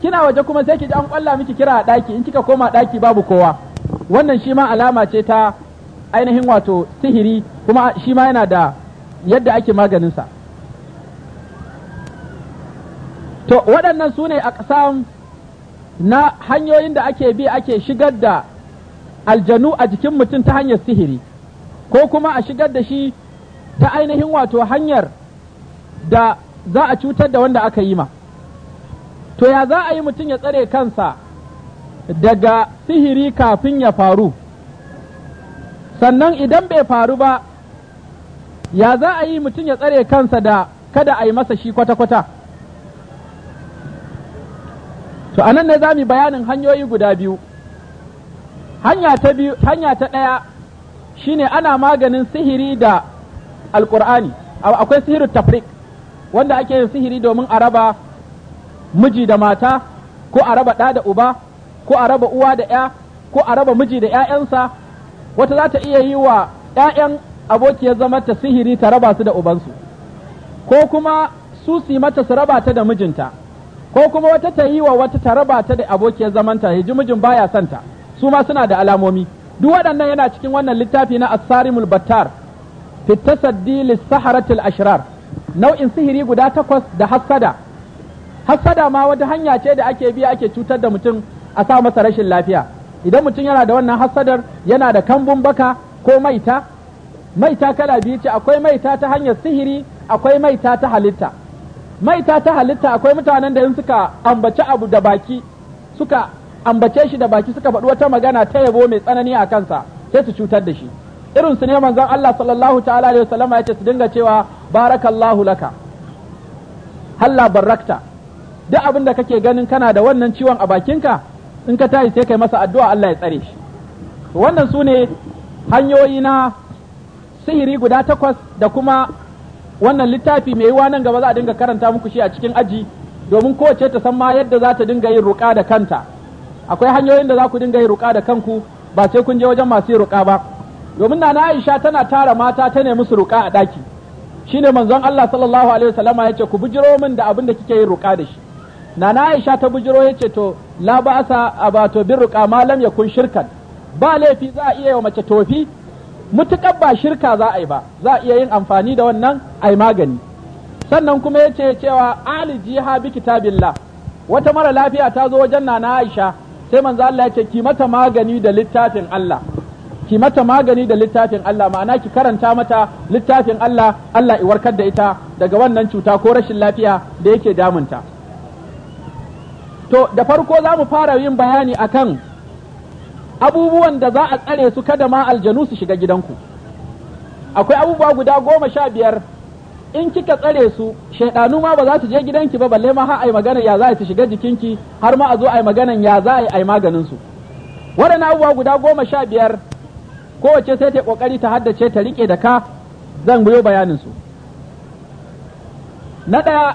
kina waje kuma sai ki ji an kwalla miki kira a ɗaki in kika koma ɗaki babu kowa wannan shi ma alama ce ta ainihin wato sihiri kuma shi ma yana da yadda ake maganinsa to waɗannan su ne a ƙasan na hanyoyin da ake bi ake shigar da aljanu a jikin mutum ta hanyar sihiri ko kuma a shigar da shi ta ainihin wato hanyar da za a cutar da wanda aka yi ma to ya za a yi mutum ya tsare kansa daga sihiri kafin ya faru sannan idan bai faru ba ya za a yi mutum ya tsare kansa da kada a yi masa shi kwata-kwata to anan ne za mu bayanin hanyoyi guda biyu hanya ta biyu hanya ta ɗaya shine ana maganin sihiri da alkur'ani akwai sihirin tafrik wanda ake yin sihiri domin a raba miji da mata ko a raba ɗa da uba ko a raba uwa da ya ko a raba miji da 'ya'yansa wata za ta iya yi wa 'ya'yan abokiyar zama ta sihiri ta raba su da ubansu ko kuma su yi mata su raba ta da mijinta ko kuma wata ta yi wa wata ta raba ta da abokiyar zamanta yaji mijin baya santa su ma suna da alamomi duk waɗannan yana cikin wannan littafi na asarimul battar fi tasaddi lisaharatil ashrar nau'in sihiri guda takwas da hassada hassada ma wata hanya ce da ake biya ake cutar da mutum a sa masa rashin lafiya idan mutum yana da wannan hassadar yana da kambun baka ko maita maita kala biyu ce akwai maita ta hanyar sihiri akwai maita ta halitta maita ta halitta akwai mutanen da in suka ambace abu da baki suka ambace shi da baki suka faɗi wata magana ta yabo mai tsanani a kansa sai su cutar da shi irin su ne manzon Allah sallallahu ta'ala alaihi wasallama yace su dinga cewa barakallahu laka halla barakta duk abin da kake ganin kana da wannan ciwon a bakinka in ka tashi sai kai masa addu'a Allah ya tsare shi wannan su ne hanyoyi na sihiri guda takwas da kuma wannan littafi mai yiwa nan gaba za a dinga karanta muku shi a cikin aji domin kowace ta san ma yadda za ta dinga yin ruka da kanta akwai hanyoyin da za ku dinga yin ruka da kanku ba sai kun je wajen masu yin ruka ba domin nana Aisha tana tara mata ta ne musu ruka a daki ne manzon Allah sallallahu alaihi wasallama yace ku bujiro min da abin da kike yin ruka da shi nana Aisha ta bujiro yace to la sa abato bir ruka malam yakun shirkan ba laifi za a iya yi wa mace tofi mutuƙar ba shirka za a yi ba za a iya yin amfani da wannan a yi magani sannan kuma ya ce cewa jiha ha bi kitabillah wata mara lafiya ta zo wajen na Aisha sai manzo Allah ya ce ki mata magani da littafin Allah ki mata magani da littafin Allah ma'ana ki karanta mata littafin Allah Allah i warkar da ita daga wannan cuta ko rashin lafiya da yake damunta to da farko za mu fara yin bayani akan abubuwan da za a tsare su kada ma aljanu su shiga gidanku akwai abubuwa guda goma sha biyar in kika tsare su shaidanu ma ba za su je gidanki ba balle ma har ai magana ya za su shiga jikinki har ma a zo ai maganan ya za ai maganin su waɗannan abubuwa guda goma sha biyar kowace sai ta kokari ta haddace ta rike da ka zan biyo bayanin su na ɗaya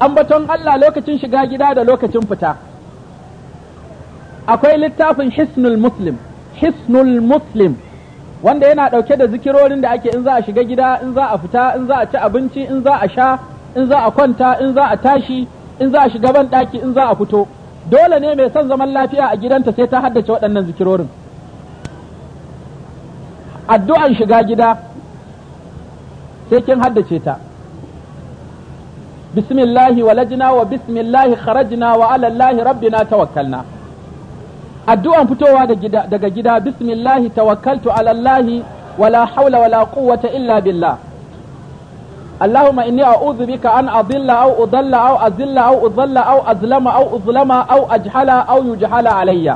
ambaton Allah lokacin shiga gida da lokacin fita akwai littafin hisnul muslim hisnul muslim wanda yana ɗauke da zikirorin da ake in za a shiga gida in za a fita in za a ci abinci in za a sha in za a kwanta in za a tashi in za a shiga ban ɗaki in za a fito dole ne mai son zaman lafiya a gidanta sai ta haddace waɗannan zikirorin addu'an shiga gida sai kin haddace ta bismillahi walajna wa bismillahi kharajna wa alallahi rabbina tawakkalna addu'an fitowa daga gida bismillahi tawakkaltu ala Allah wala haula wala quwwata illa billah اللهم إني أعوذ بك أن أضل أو أضل أو أذل أو أضل أو أظلم أو أظلم أو أجهل أو يجهل علي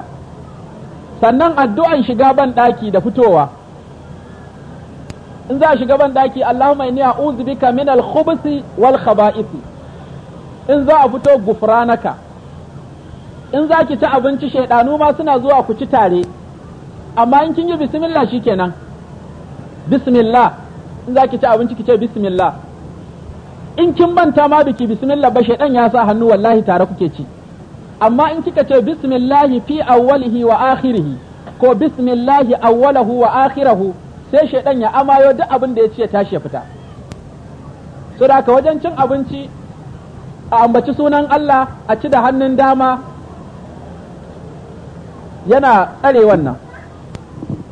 sannan addu'an shiga ban ɗaki da fitowa in za shiga ban ɗaki Allahumma inni a'udhu bika min al wal khaba'ith in za a fito naka. in za ki ci abinci shaidanu ma suna zuwa ku ci tare amma in kin yi bismillah shikenan bismillah in za ki ci abinci ki ce bismillah in kin manta ma biki bismillah ba shaidan ya sa hannu wallahi tare kuke ci amma in kika ce bismillah fi awwalihi wa akhirihi ko bismillah awwalahu wa akhirahu sai shaidan ya amayo duk abin da ya ya tashi ya fita so da wajen cin abinci a ambaci sunan Allah a ci da hannun dama yana tsare wannan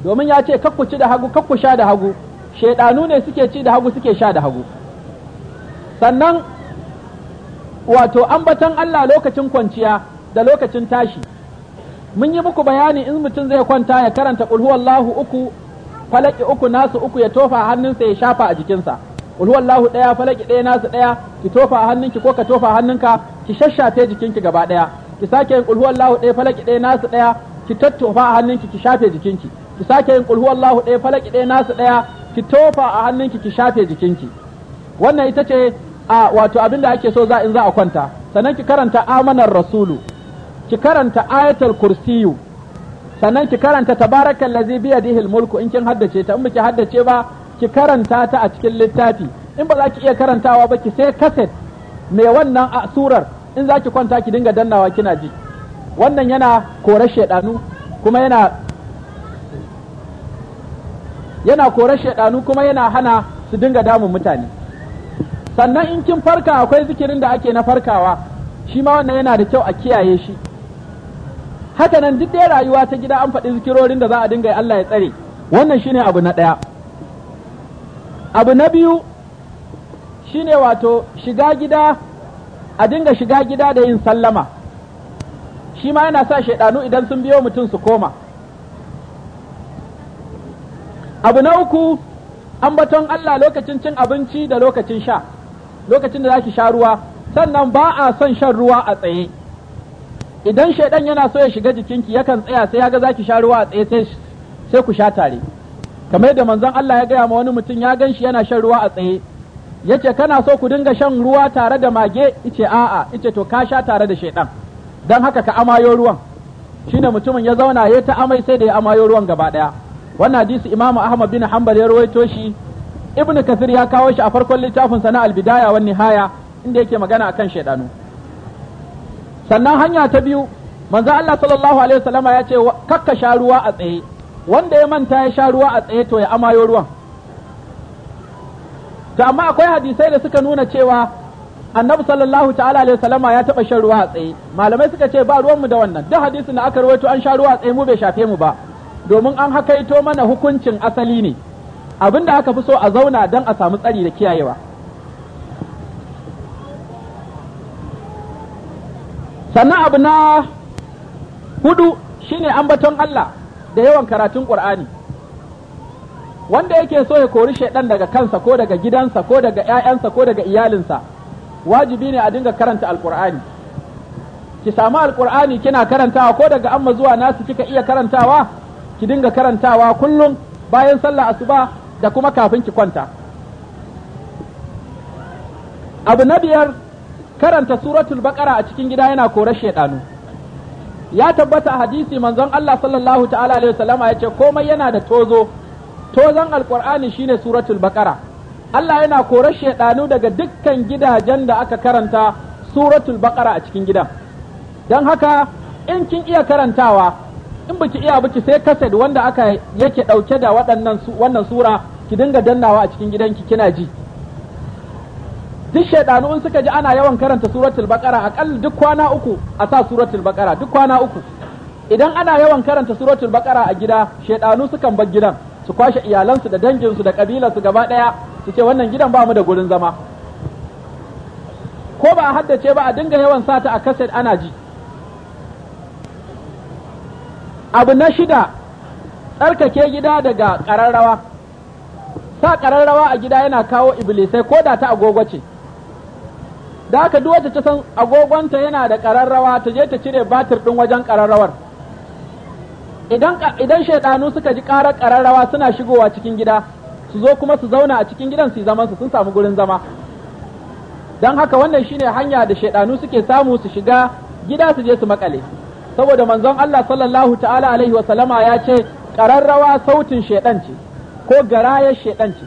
domin ya ce kakku ci da hagu kakku sha da hagu shaidanu ne suke ci da hagu suke sha da hagu sannan wato an batan Allah lokacin kwanciya da lokacin tashi mun yi muku bayani in mutum zai kwanta ya karanta Allahu uku falaki uku nasu uku ya tofa hannunsa ya shafa a jikinsa lahu daya falaki daya nasu daya ki tofa hannunki ko ka tofa hannunka ki shashafe jikinki gaba daya ki sake yin Allahu daya falaki daya nasu daya. ki tattofa a hannunki ki shafe jikinki ki sake yin kulhu Allahu ɗaya falaki ɗaya nasu ɗaya ki tofa a hannunki ki shafe jikinki wannan ita ce a wato abin da ake so za in za a kwanta sannan ki karanta amanar rasulu ki karanta ayatul kursiyu sannan ki karanta tabarakal ladzi bi yadihi mulku in kin haddace ta in biki haddace ba ki karanta ta a cikin littafi in ba za ki iya karantawa ba ki sai kaset mai wannan surar in za ki kwanta ki dinga dannawa kina ji wannan yana korar shaidanu kuma yana yana korar shaidanu kuma yana hana su dinga damun mutane sannan in kin farka akwai zikirin da ake na farkawa shi ma wannan yana da kyau a kiyaye shi haka nan duk ɗaya rayuwa ta gida an faɗi zikirorin da za a dinga Allah ya tsare wannan shine abu na ɗaya abu na biyu shine wato shiga gida a dinga shiga gida da yin sallama shi ma yana sa shaidanu idan sun biyo mutum su koma abu na uku an ambaton Allah lokacin cin abinci da lokacin sha lokacin da zaki sha ruwa sannan ba a son shan ruwa a tsaye idan shaidan yana so ya shiga jikinki yakan tsaya sai ya ga zaki sha ruwa a tsaye sai ku sha tare kamar da manzon Allah ya gaya ma wani mutum ya gan shi yana shan ruwa a tsaye yace kana so ku dinga shan ruwa tare da mage ice a'a ice to ka sha tare da shaidan don haka ka amayo ruwan shi shine mutumin ya zauna ya ta amai sai da ya amayo ruwan gaba daya wannan hadisi imamu ahmad bin hanbal ya rawaito shi ibnu Kathir ya kawo shi a farkon littafin sana bidaya wan nihaya inda yake magana akan shaydanu sannan hanya ta biyu manzo Allah sallallahu alaihi wasallama ya ce kakka sha ruwa a tsaye wanda ya manta ya sha ruwa a tsaye to ya amayo ruwan to amma akwai hadisai da suka nuna cewa annabi sallallahu ta'ala alaihi salama ya taba shan ruwa tsaye malamai suka ce ba ruwan mu da wannan duk hadisin da aka rawaito an sha ruwa a tsaye mu bai shafe mu ba domin an hakaito mana hukuncin asali ne abinda aka fi so a zauna dan a samu tsari da kiyayewa sannan abu na hudu shine ambaton Allah da yawan karatun Qur'ani wanda yake so ya kori shaidan daga kansa ko daga gidansa ko daga ƴaƴansa ko daga iyalinsa wajibi ne a dinga karanta al'kur'ani ki samu alqur'ani kina karantawa ko daga amma zuwa nasu kika iya karantawa ki dinga karantawa kullum bayan sallah asuba da kuma kafin ki kwanta abu na biyar karanta suratul baqara a cikin gida yana korar shaidanu ya tabbata a hadisi manzon Allah sallallahu ta'ala alaihi wasallama yace komai yana da tozo tozon alqur'ani shine suratul baqara Allah yana korar shaidanu daga dukkan gidajen da aka karanta suratul baqara a cikin gidan don haka in kin iya karantawa in biki iya biki sai kaset wanda aka yake dauke da waɗannan wannan sura ki dinga dannawa a cikin gidanki kina ji duk shaidanu in suka ji ana yawan karanta suratul baqara akal duk kwana uku a sa suratul baqara duk kwana uku idan ana yawan karanta suratul baqara a gida shaiɗanu sukan bar gidan su kwashe iyalansu da danginsu da kabilarsu gaba ɗaya. su ce wannan gidan ba mu da gurin zama ko ba a haddace ba a dinga yawan sata a kaset ana ji abu na shida tsarkake gida daga ƙararrawa sa ƙararrawa a gida yana kawo iblisai ko da ta agogo ce da haka duk wacce ta san agogonta yana da ƙararrawa ta je ta cire batir ɗin wajen ƙararrawar idan shaiɗanu suka ji ƙarar ƙararrawa suna shigowa cikin gida su zo kuma su zauna a cikin gidan su zaman su sun samu gurin zama don haka wannan shine hanya da shaidanu suke samu su shiga gida su je su makale saboda manzon Allah sallallahu ta'ala alaihi wa sallama ya ce kararrawa sautin shaidan ce ko garayar shaidan ce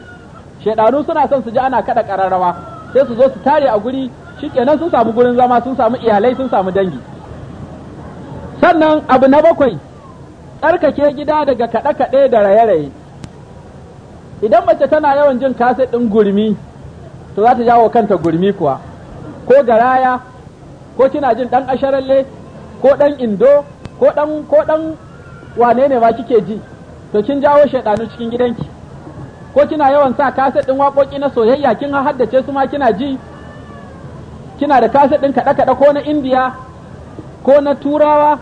shaidanu suna son su ji ana kada kararrawa sai su zo su tare a guri shikenan sun samu gurin zama sun samu iyalai sun samu dangi sannan abu na bakwai tsarkake gida daga kaɗe-kaɗe da raye-raye idan mace tana yawan jin kaset ɗin gurmi to za ta jawo kanta gurmi kuwa ko garaya ko kina jin ɗan asharalle ko ɗan indo ko ɗan ko ɗan wane ne ma kike ji to kin jawo shaidanu cikin gidanki ko kina yawan sa kaset ɗin waƙoƙi na soyayya kin haddace su ma kina ji kina da kaset ɗin kaɗe-kaɗe ko na indiya ko na turawa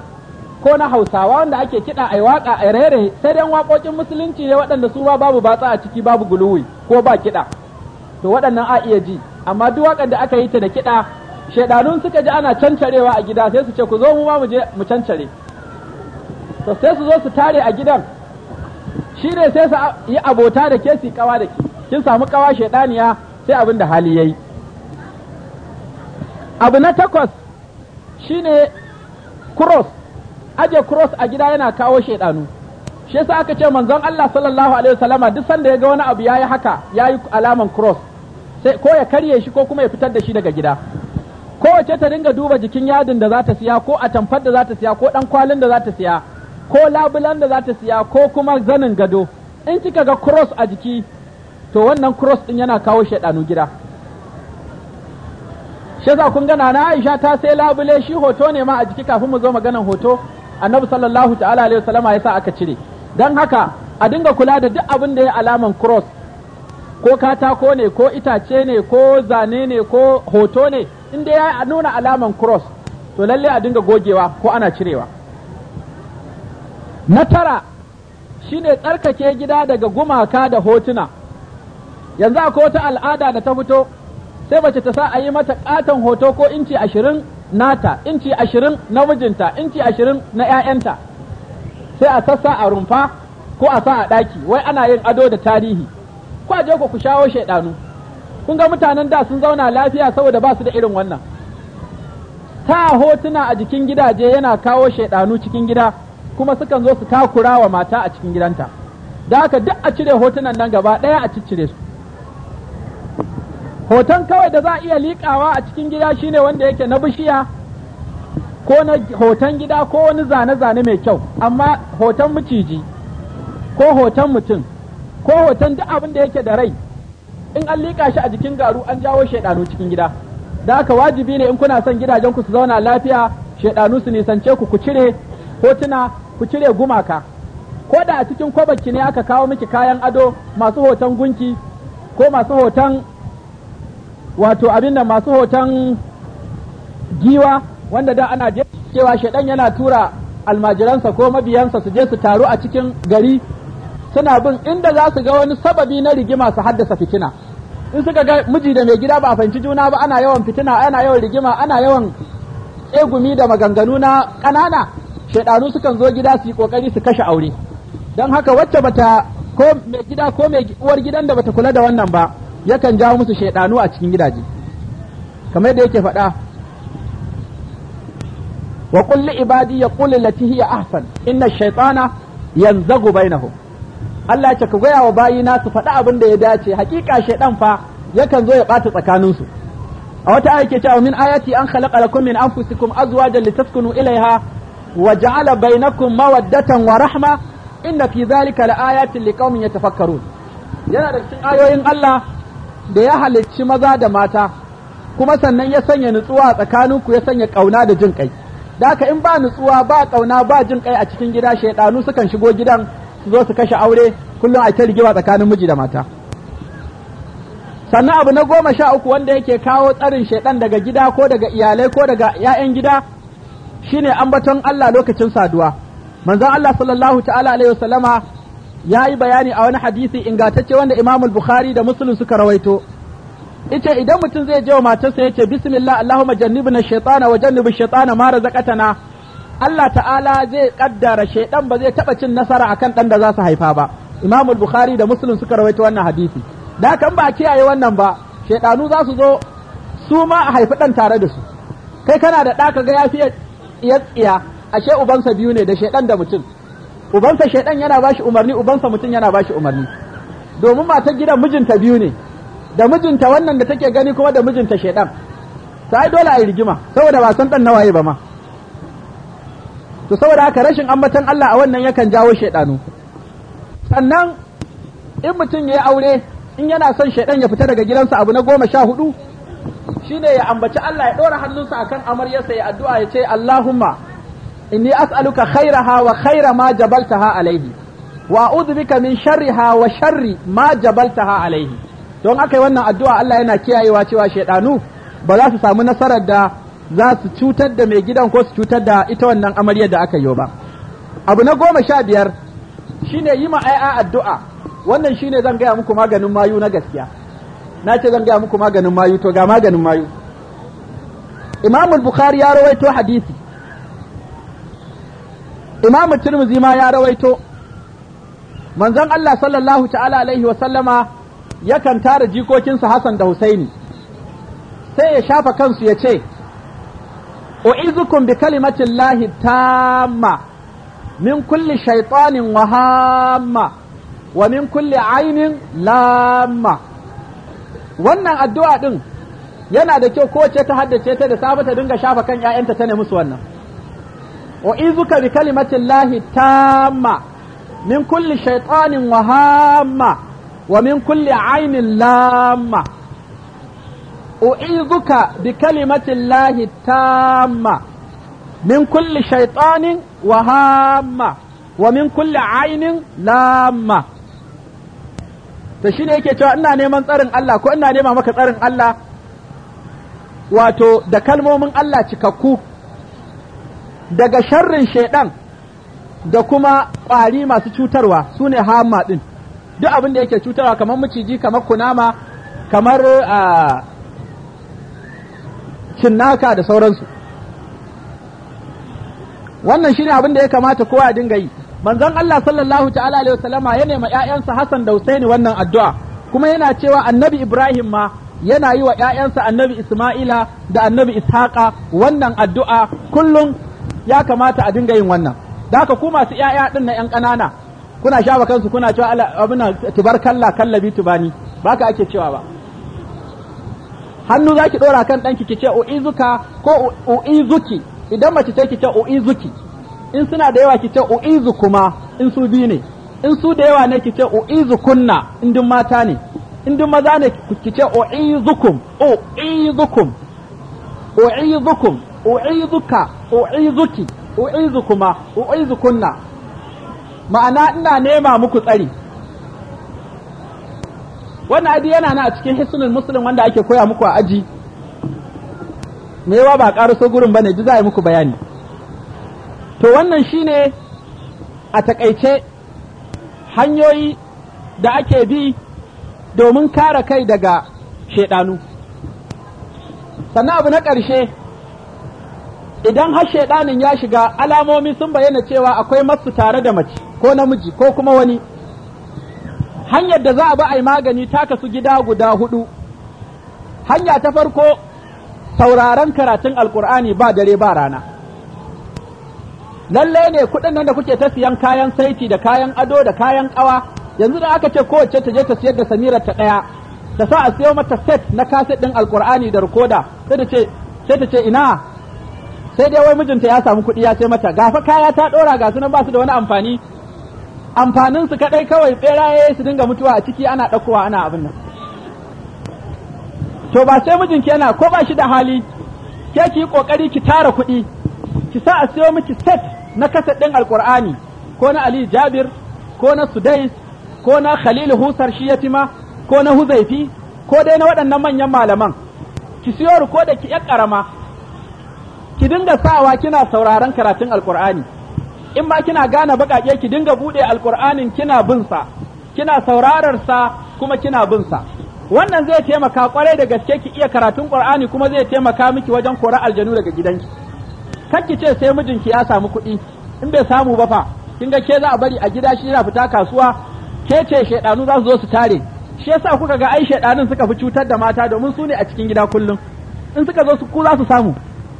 ko na hausawa wanda ake kiɗa ai waka ai rere sai dai waƙoƙin musulunci ne waɗanda su ma babu batsa a ciki babu guluwi ko ba kiɗa to waɗannan a iya ji amma duk wakar da aka yi ta da kiɗa shaidanun suka ji ana cancarewa a gida sai su ce ku zo mu ma mu je mu cancare to sai su zo su tare a gidan shi ne sai su yi abota da ke su kawa da ke kin samu kawa shaidaniya sai abin da hali yayi abu na takwas shine cross aje cross a gida yana kawo shaidanu shi yasa aka ce manzon Allah sallallahu alaihi wasallama duk sanda yaga wani abu yayi haka yayi alaman cross sai ko ya karye shi ko kuma ya fitar da shi daga gida kowace ta dinga duba jikin yadin da za ta siya ko atamfar da za ta siya ko dan kwalin da za ta siya ko labulan da za ta siya ko kuma zanin gado in kika ga cross a jiki to wannan cross din yana kawo shaidanu gida shi kun gana na Aisha ta sai labule shi hoto ne ma a jiki kafin mu zo maganan hoto annabi sallallahu ta'ala alaihi wasallama yasa aka cire dan haka a dinga kula da duk abin da ya alaman cross ko katako ne ko itace ne ko zane ne ko hoto ne inda ya nuna alaman cross to lalle a dinga gogewa ko ana cirewa na tara shine tsarkake gida daga gumaka da hotuna yanzu akwai wata al'ada da ta fito sai bace ta sa a yi mata katon hoto ko inci ashirin nata inci ashirin na mijinta inci ashirin na 'ya'yanta sai a sassa a rumfa ko a sa a ɗaki wai ana yin ado da tarihi ko a je ku ku shawo shaidanu kun ga mutanen da sun zauna lafiya saboda ba su da irin wannan ta hotuna a jikin gidaje yana kawo shaidanu cikin gida kuma sukan zo su takura wa mata a cikin gidanta da haka duk a cire hotunan nan gaba ɗaya a ciccire su hoton kawai da za a iya liƙawa a cikin gida shine wanda yake na bishiya ko na hoton gida ko wani zane-zane mai kyau amma hoton maciji ko hoton mutum ko hoton duk abin da yake da rai in an liƙa shi a jikin garu an jawo shaidanu cikin gida da haka wajibi ne in kuna son gidajen ku su zauna lafiya shaidanu su nisance ku ku cire hotuna ku cire gumaka ko da a cikin kwabaki ne aka kawo miki kayan ado masu hoton gunki ko masu hoton wato abin da masu hoton giwa wanda da ana je cewa shaidan yana tura almajiransa ko mabiyansa su je su taru a cikin gari suna bin inda za su ga wani sababi na rigima su haddasa fitina in suka ga miji da mai gida ba a fahimci juna ba ana yawan fitina ana yawan rigima ana yawan tsegumi da maganganu na ƙanana shaidanu sukan zo gida su yi kokari su kashe aure don haka wacce bata ko mai gida ko mai uwar gidan da bata kula da wannan ba yakan jawo musu shaidanu a cikin gidaje kamar da yake faɗa wa qul li ibadi yaqul lati hiya ahsan inna shaytana yanzagu bainahum Allah ya ka gaya wa bayina su faɗa abin da ya dace hakika shaidan fa yakan zo ya ɓata tsakaninsu a wata ayake cewa min ayati an khalaqa lakum min anfusikum azwajan litaskunu ilaiha wa ja'ala bainakum mawaddatan wa rahma inna fi dhalika laayatin liqaumin yatafakkarun yana da cikin ayoyin Allah da ya halicci maza da mata kuma sannan ya sanya nutsuwa a tsakaninku ya sanya ƙauna da jin ƙai da haka in ba nutsuwa ba ƙauna ba jin ƙai a cikin gida shaiɗanu sukan shigo gidan su zo su kashe aure kullum a ta rigima tsakanin miji da mata sannan abu na goma sha uku wanda yake kawo tsarin shaiɗan daga gida ko daga iyalai ko daga 'ya'yan gida shine ambaton Allah lokacin saduwa manzon Allah sallallahu ta'ala alaihi wasallama ya yi bayani a wani hadisi ingantacce wanda Imam Bukhari da Muslim suka rawaito ita idan mutum zai je wa matarsa ya ce bismillah Allahumma jannibna shaytana wa jannibi shaytana ma razaqatana Allah ta'ala zai kaddara shaydan ba zai taba cin nasara akan dan da za su haifa ba Imam Bukhari da Muslim suka rawaito wannan hadisi da kan ba kiyaye wannan ba shaydanu za su zo su ma a haifi dan tare da su kai kana da ɗaka ka ga ya fiye tsiya ashe ubansa biyu ne da shaydan da mutum ubansa shaidan yana bashi umarni ubansa mutum yana bashi umarni domin matar gidan mijinta biyu ne da mijinta wannan da take gani kuma da mijinta shaidan sai dole a yi rigima saboda ba san dan nawaye ba ma to saboda haka rashin ambatan Allah a wannan yakan jawo shaidanu sannan in mutum ya yi aure in yana son shaidan ya fita daga gidansa abu na goma sha hudu shine ya ambaci Allah ya ɗora hannunsa akan amaryarsa ya addu'a ya ce Allahumma inni as'aluka khairaha wa khaira ma jabaltaha alaihi wa a'udhu bika min sharriha wa sharri ma jabaltaha alaihi don aka yi wannan addu'a Allah yana kiyayewa cewa shaidanu ba za su samu nasarar da za su cutar da mai gidan ko su cutar da ita wannan amaryar da aka yi ba abu na goma sha biyar shine yi ma ai'a addu'a wannan shine zan gaya muku maganin mayu na gaskiya na ce zan gaya muku maganin mayu to ga maganin mayu imamul bukhari ya rawaito hadisi imamu tirmizi ma ya rawaito manzon Allah sallallahu ta'ala alaihi wa sallama yakan tara jikokinsa Hassan da Husaini sai ya shafa kansu ya ce u'izukum bi kalimatin lahi tamma min kulli shaitanin wahamma wa min kulli ainin lamma wannan addu'a din yana da kyau kowace ta haddace ta da safe ta dinga shafa kan ‘ya'yanta ta ne musu wannan u'izuka bi kalimatin lahi tamma min kulli shaitanin wahamma wa min kulli ainin lamma u'izuka bi kalimatin lahi min kulli shaitanin wahamma wa min kulli ainin lamma to shine yake cewa ina neman tsarin Allah ko ina nema maka tsarin Allah wato da kalmomin Allah cikakku daga sharrin shaidan da kuma ƙwari masu cutarwa su ne hama ɗin duk abin da yake cutarwa kamar maciji kamar kunama kamar cinnaka da sauransu wannan shi ne abin da ya kamata kowa ya dinga yi manzon Allah sallallahu ta'ala alaihi wasallama ya nema ƴaƴansa Hassan da Husaini wannan addu'a kuma yana cewa annabi Ibrahim ma yana yi wa ƴaƴansa annabi Isma'ila da annabi Ishaqa wannan addu'a kullum ya kamata a dinga yin wannan da haka ku masu ƴaƴa din na ƴan ƙanana kuna shafa kansu kuna cewa abin tubar kalla kallabi tubani ba ka ake cewa ba hannu za ki ɗora kan ɗanki ki ce u'izuka ko u'izuki idan mace ce ki ce u'izuki in suna da yawa ki ce u'izu kuma in su biyu ne in su da yawa ne ki ce u'izu kunna in din mata ne in din maza ne ki ce u'izukum u'izukum u'izukum u'izuka u'izuki u'izukuma u'izukunna ma'ana ina nema muku tsari wannan adi yana na a cikin hisnul musulun wanda ake koya muku a aji me yawa ba karaso gurin bane ji za a yi muku bayani to wannan shine a takaice hanyoyi da ake bi domin kare kai daga shaidanu. sannan abu na ƙarshe idan har shaidanin ya shiga alamomi sun bayyana cewa akwai masu tare da mace ko namiji ko kuma wani hanyar da za a ba a yi magani ta kasu gida guda hudu hanya ta farko sauraron karatun alkur'ani ba dare ba rana lalle ne kuɗin nan da kuke ta siyan kayan saiti da kayan ado da kayan ƙawa yanzu da aka ce kowace ta je ta siyar da samira ta ɗaya ta sa a siyo mata set na kaset ɗin alkur'ani da rikoda sai ta ce ina sai dai wai mijinta ya samu kuɗi ya sai mata gafa kaya ta ɗora ga sunan ba su da wani amfani amfanin su kaɗai kawai ɓeraye su dinga mutuwa a ciki ana ɗaukowa ana abin nan to ba sai mijinki yana ko ba shi da hali ke ki yi kokari ki tara kuɗi ki sa a siyo miki set na kaset ɗin alkur'ani ko na ali jabir ko na sudais ko na khalil husar shi yatima ko na huzaifi ko dai na waɗannan manyan malaman ki siyo ko da ki ƴar ƙarama ki dinga sawa kina sauraron karatun alkur'ani in ma kina gane baƙaƙe ki dinga buɗe alkur'anin kina bin sa kina saurarar sa kuma kina bin sa wannan zai taimaka kwarai da gaske ki iya karatun qur'ani kuma zai taimaka miki wajen kora aljanu daga gidanki kar ki ce sai mijinki ya samu kuɗi in bai samu ba fa kin ga ke za a bari a gida shi yana fita kasuwa ke ce shaidanu za su zo su tare shi yasa kuka ga ai shaidanun suka fi cutar da mata domin su ne a cikin gida kullum in suka zo su ku za su samu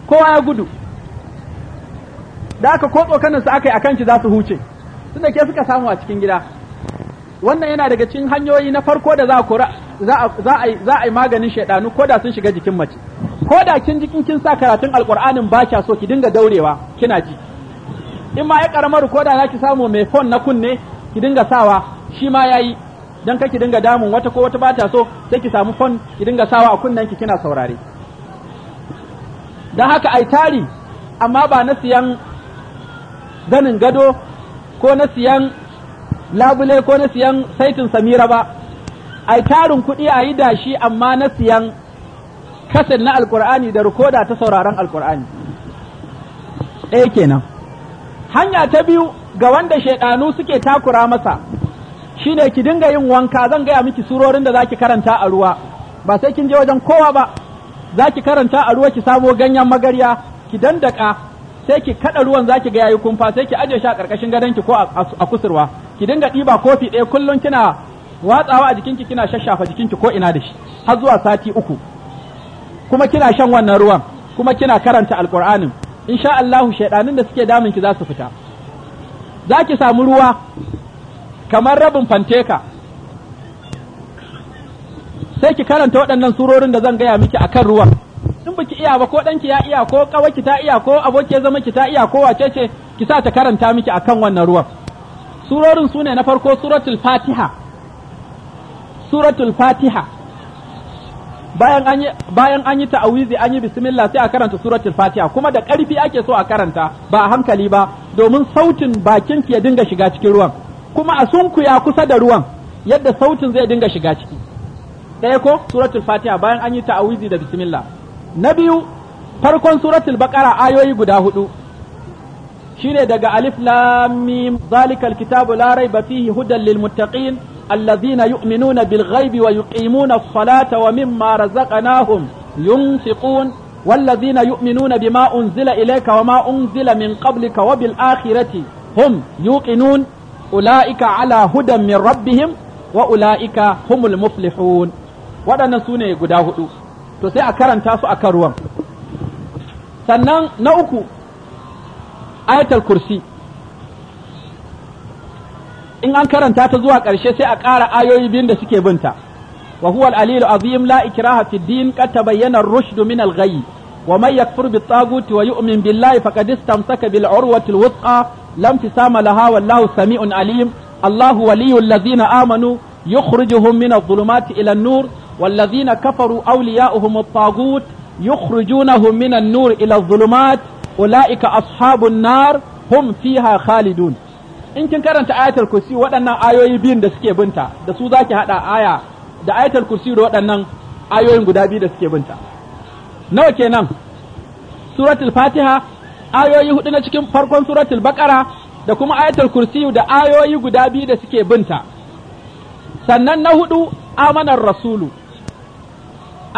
kowa ya gudu da aka ko tsokanin su aka yi akan shi za su huce tunda ke suka samu a cikin gida wannan yana daga cikin hanyoyi na farko da za a yi maganin shaidanu ko da sun shiga jikin mace ko da kin jikin kin sa karatun alkur'anin ba kya so ki dinga daurewa kina ji in ma ya karamar ko da zaki samu mai fon na kunne ki dinga sawa shi ma yayi dan kake dinga damun wata ko wata bata so sai ki samu fon ki dinga sawa a kunnen ki kina saurare Da haka ai tari amma ba na siyan ganin gado ko na siyan labule ko na siyan saitin samira ba ai tarin kuɗi a yi dashi amma na siyan kasin na alkur'ani da rikoda ta sauraron alkur'ani ɗaya kenan hanya ta biyu ga wanda shaidanu suke takura masa shine ki dinga yin wanka zan gaya miki surorin da zaki karanta a ruwa ba sai kin je wajen kowa ba za ki karanta a ruwa ki samo ganyen magarya ki dandaka sai ki kada ruwan za ki ga yayi kumfa sai ki aje shi a karkashin gadon ki ko a kusurwa ki dinga ɗiba kofi ɗaya kullum kina watsawa a jikinki kina shashafa jikinki ko ina da shi har zuwa sati uku kuma kina shan wannan ruwan kuma kina karanta alqur'anin insha Allahu shaydanin da suke damun ki za su fita za ki samu ruwa kamar rabin fanteka sai ki karanta waɗannan surorin da zan gaya miki akan ruwan in baki iya ba ko ɗanki ya iya ko ƙawarki ta iya ko aboki zama ki ta iya ko wace ce ki sa ta karanta miki akan wannan ruwan surorin su ne na farko suratul fatiha suratul fatiha bayan an yi bayan an yi ta'awizi an yi bismillah sai a karanta suratul fatiha kuma da ƙarfi ake so a karanta ba a hankali ba domin sautin bakinki ya dinga shiga cikin ruwan kuma a sunkuya kusa da ruwan yadda sautin zai dinga shiga ciki ɗaya ko suratul fatiha bayan an yi ta'awizi da bismillah na biyu farkon suratul baqara ayoyi guda hudu shine daga alif lam mim zalikal kitabu la raiba fihi hudan lil muttaqin wa يؤمنون بالغيب ويقيمون wa ومما رزقناهم ينفقون والذين يؤمنون بما أنزل إليك وما أنزل من قبلك وبالآخرة هم يوقنون أولئك على هدى من ربهم وأولئك هم المفلحون waɗannan su ne guda hudu to sai a karanta su a kan ruwan sannan na uku ayatul kursi in an karanta ta zuwa ƙarshe sai a ƙara ayoyi biyun da suke binta wa huwa al-alilu azim la ikraha fi din qad tabayyana ar-rushd min al-ghayy wa man yakfur bi taguti wa yu'min billahi faqad istamsaka bil urwati al-wuthqa lam tisama laha wallahu sami'un alim Allahu waliyul ladzina amanu yukhrijuhum min adh-dhulumati ila an-nur والذين كفروا أولياؤهم الطاغوت يخرجونهم من النور إلى الظلمات أولئك أصحاب النار هم فيها خالدون in kin karanta ayatul kursi waɗannan ayoyi biyun da suke binta da su zaki haɗa aya da ayatul kursi da waɗannan ayoyin guda biyu da suke binta nawa kenan suratul fatiha ayoyi hudu na cikin farkon suratul bakara da kuma ayatul kursi da ayoyi guda biyu da suke binta sannan na hudu amanar rasulu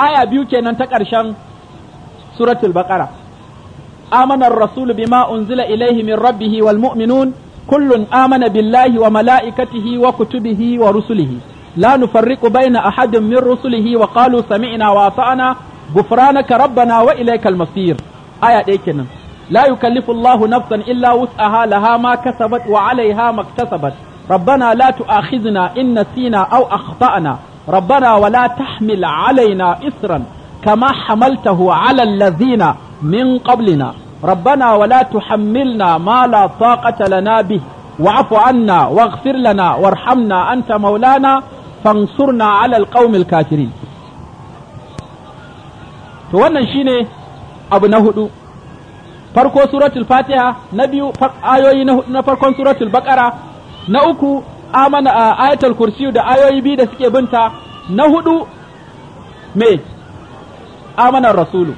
aya biyu kenan ta ƙarshen suratul baqara amana ar-rasul bima unzila ilayhi min rabbihi wal mu'minun kullun amana billahi wa malaikatihi wa kutubihi wa rusulihi la nufarriqu baina ahadin min rusulihi wa qalu sami'na wa ata'na ghufranaka rabbana wa ilaykal masir aya ɗaya kenan la yukallifu Allahu nafsan illa wus'aha laha ma kasabat wa 'alayha maktasabat rabbana la tu'akhidhna in nasina aw akhta'na ربنا ولا تحمل علينا إثرا كما حملته على الذين من قبلنا ربنا ولا تحملنا ما لا طاقة لنا به واعف عنا واغفر لنا وارحمنا أنت مولانا فانصرنا على القوم الكافرين to wannan shine abu na hudu farko suratul fatiha na biyu ayoyi na hudu na farkon suratul baqara na uku amana a ayatul kursi da ayoyi biyu da suke binta na hudu me amana rasulu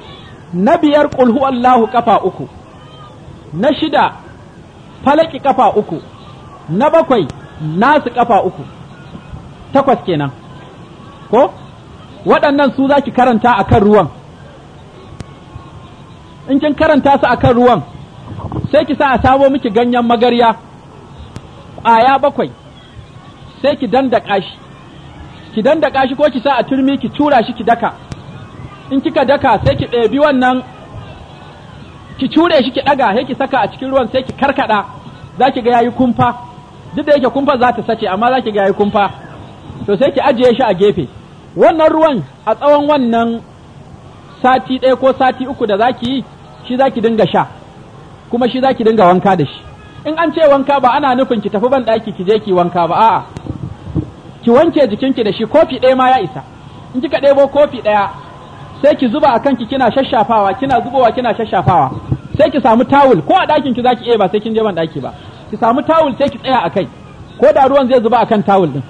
na biyar qul huwallahu kafa uku na shida falaki kafa uku na bakwai nasu kafa uku takwas kenan ko waɗannan su zaki karanta akan kan ruwan in kin karanta su akan ruwan sai ki sa a samo miki ganyen magarya kwaya bakwai sai ki danda shi ki danda shi ko ki sa a turmi ki tura shi ki daka in kika daka sai ki ɗebi wannan ki cure shi ki ɗaga sai ki saka a cikin ruwan sai ki karkada za ki ga yayi kumfa duk da yake kumfa za ta sace amma za ki ga yayi kumfa to sai ki ajiye shi a gefe wannan ruwan a tsawon wannan sati ɗaya ko sati uku da za ki yi shi za ki dinga sha kuma shi za ki dinga wanka da shi in an ce wanka ba ana nufin ki tafi ban ɗaki ki je ki wanka ba a'a ki wanke jikinki da shi kofi ɗaya ma ya isa in kika ɗebo kofi ɗaya sai ki zuba a kanki kina shashafawa kina zubowa kina shashafawa sai ki samu tawul ko a ɗakin ki zaki iya ba sai kin je ban ɗaki ba ki samu tawul sai ki tsaya a kai ko da ruwan zai zuba akan tawul din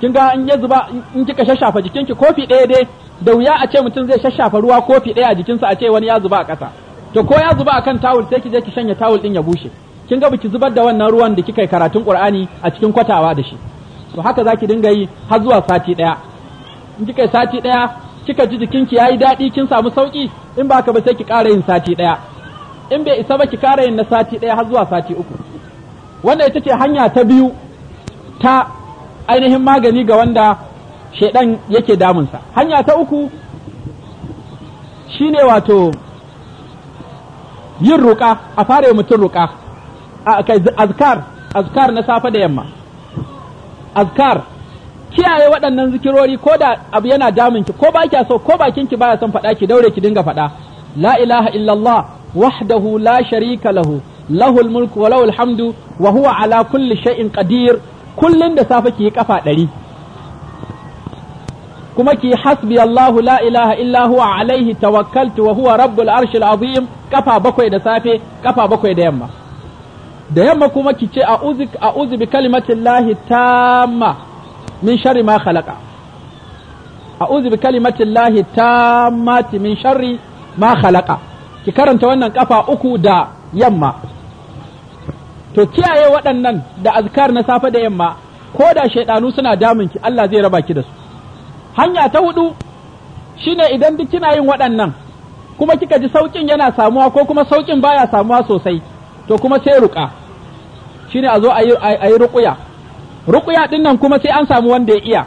kin ga in ya zuba in kika shashafa jikinki kofi ɗaya dai da wuya a ce mutum zai shashafa ruwa kofi ɗaya a jikinsa a ce wani ya zuba a ƙasa to ko ya zuba akan tawul sai ki je ki shanya tawul din ya bushe kin ga ki zubar da wannan ruwan da kika yi karatun Qur'ani a cikin kwatawa da shi to haka za ki dinga yi har zuwa sati ɗaya in kika sati ɗaya kika ji jikinki ya yi daɗi kin samu sauki in ba ka ba sai ki ƙara yin sati ɗaya in bai isa ba ki ƙara yin na sati ɗaya har zuwa sati uku wannan ita ce hanya ta biyu ta ainihin magani ga wanda shaidan yake damunsa hanya ta uku shine wato yin ruƙa a fara mutum ruƙa azkar azkar na safe da yamma azkar kiyaye waɗannan zikirori ko da abu yana damun ki ko baki so ko bakin ki baya son faɗa ki daure ki dinga faɗa la ilaha illallah wahdahu la sharika lahu lahul mulku wa lahul hamdu wa huwa ala kulli shay'in qadir kullun da safe ki yi kafa ɗari kuma ki hasbi Allahu la ilaha illa huwa alaihi tawakkaltu wa huwa rabbul arshil azim kafa bakwai da safe kafa bakwai da yamma da yamma kuma ki ce a uzi bi kalimatin lahi tamma min sharri ma khalaqa uzi bi kalimatin lahi tamma min sharri ma khalaqa ki karanta wannan kafa uku da yamma to kiyaye waɗannan da azkar na safe da yamma ko da shaidanu suna damun ki Allah zai raba ki da su hanya ta hudu shine idan duk kina yin waɗannan kuma kika ji saukin yana samuwa ko kuma saukin baya samuwa sosai to kuma sai ruƙa shine a zo a yi rukuya. ruƙuya ɗin nan kuma sai an samu wanda ya iya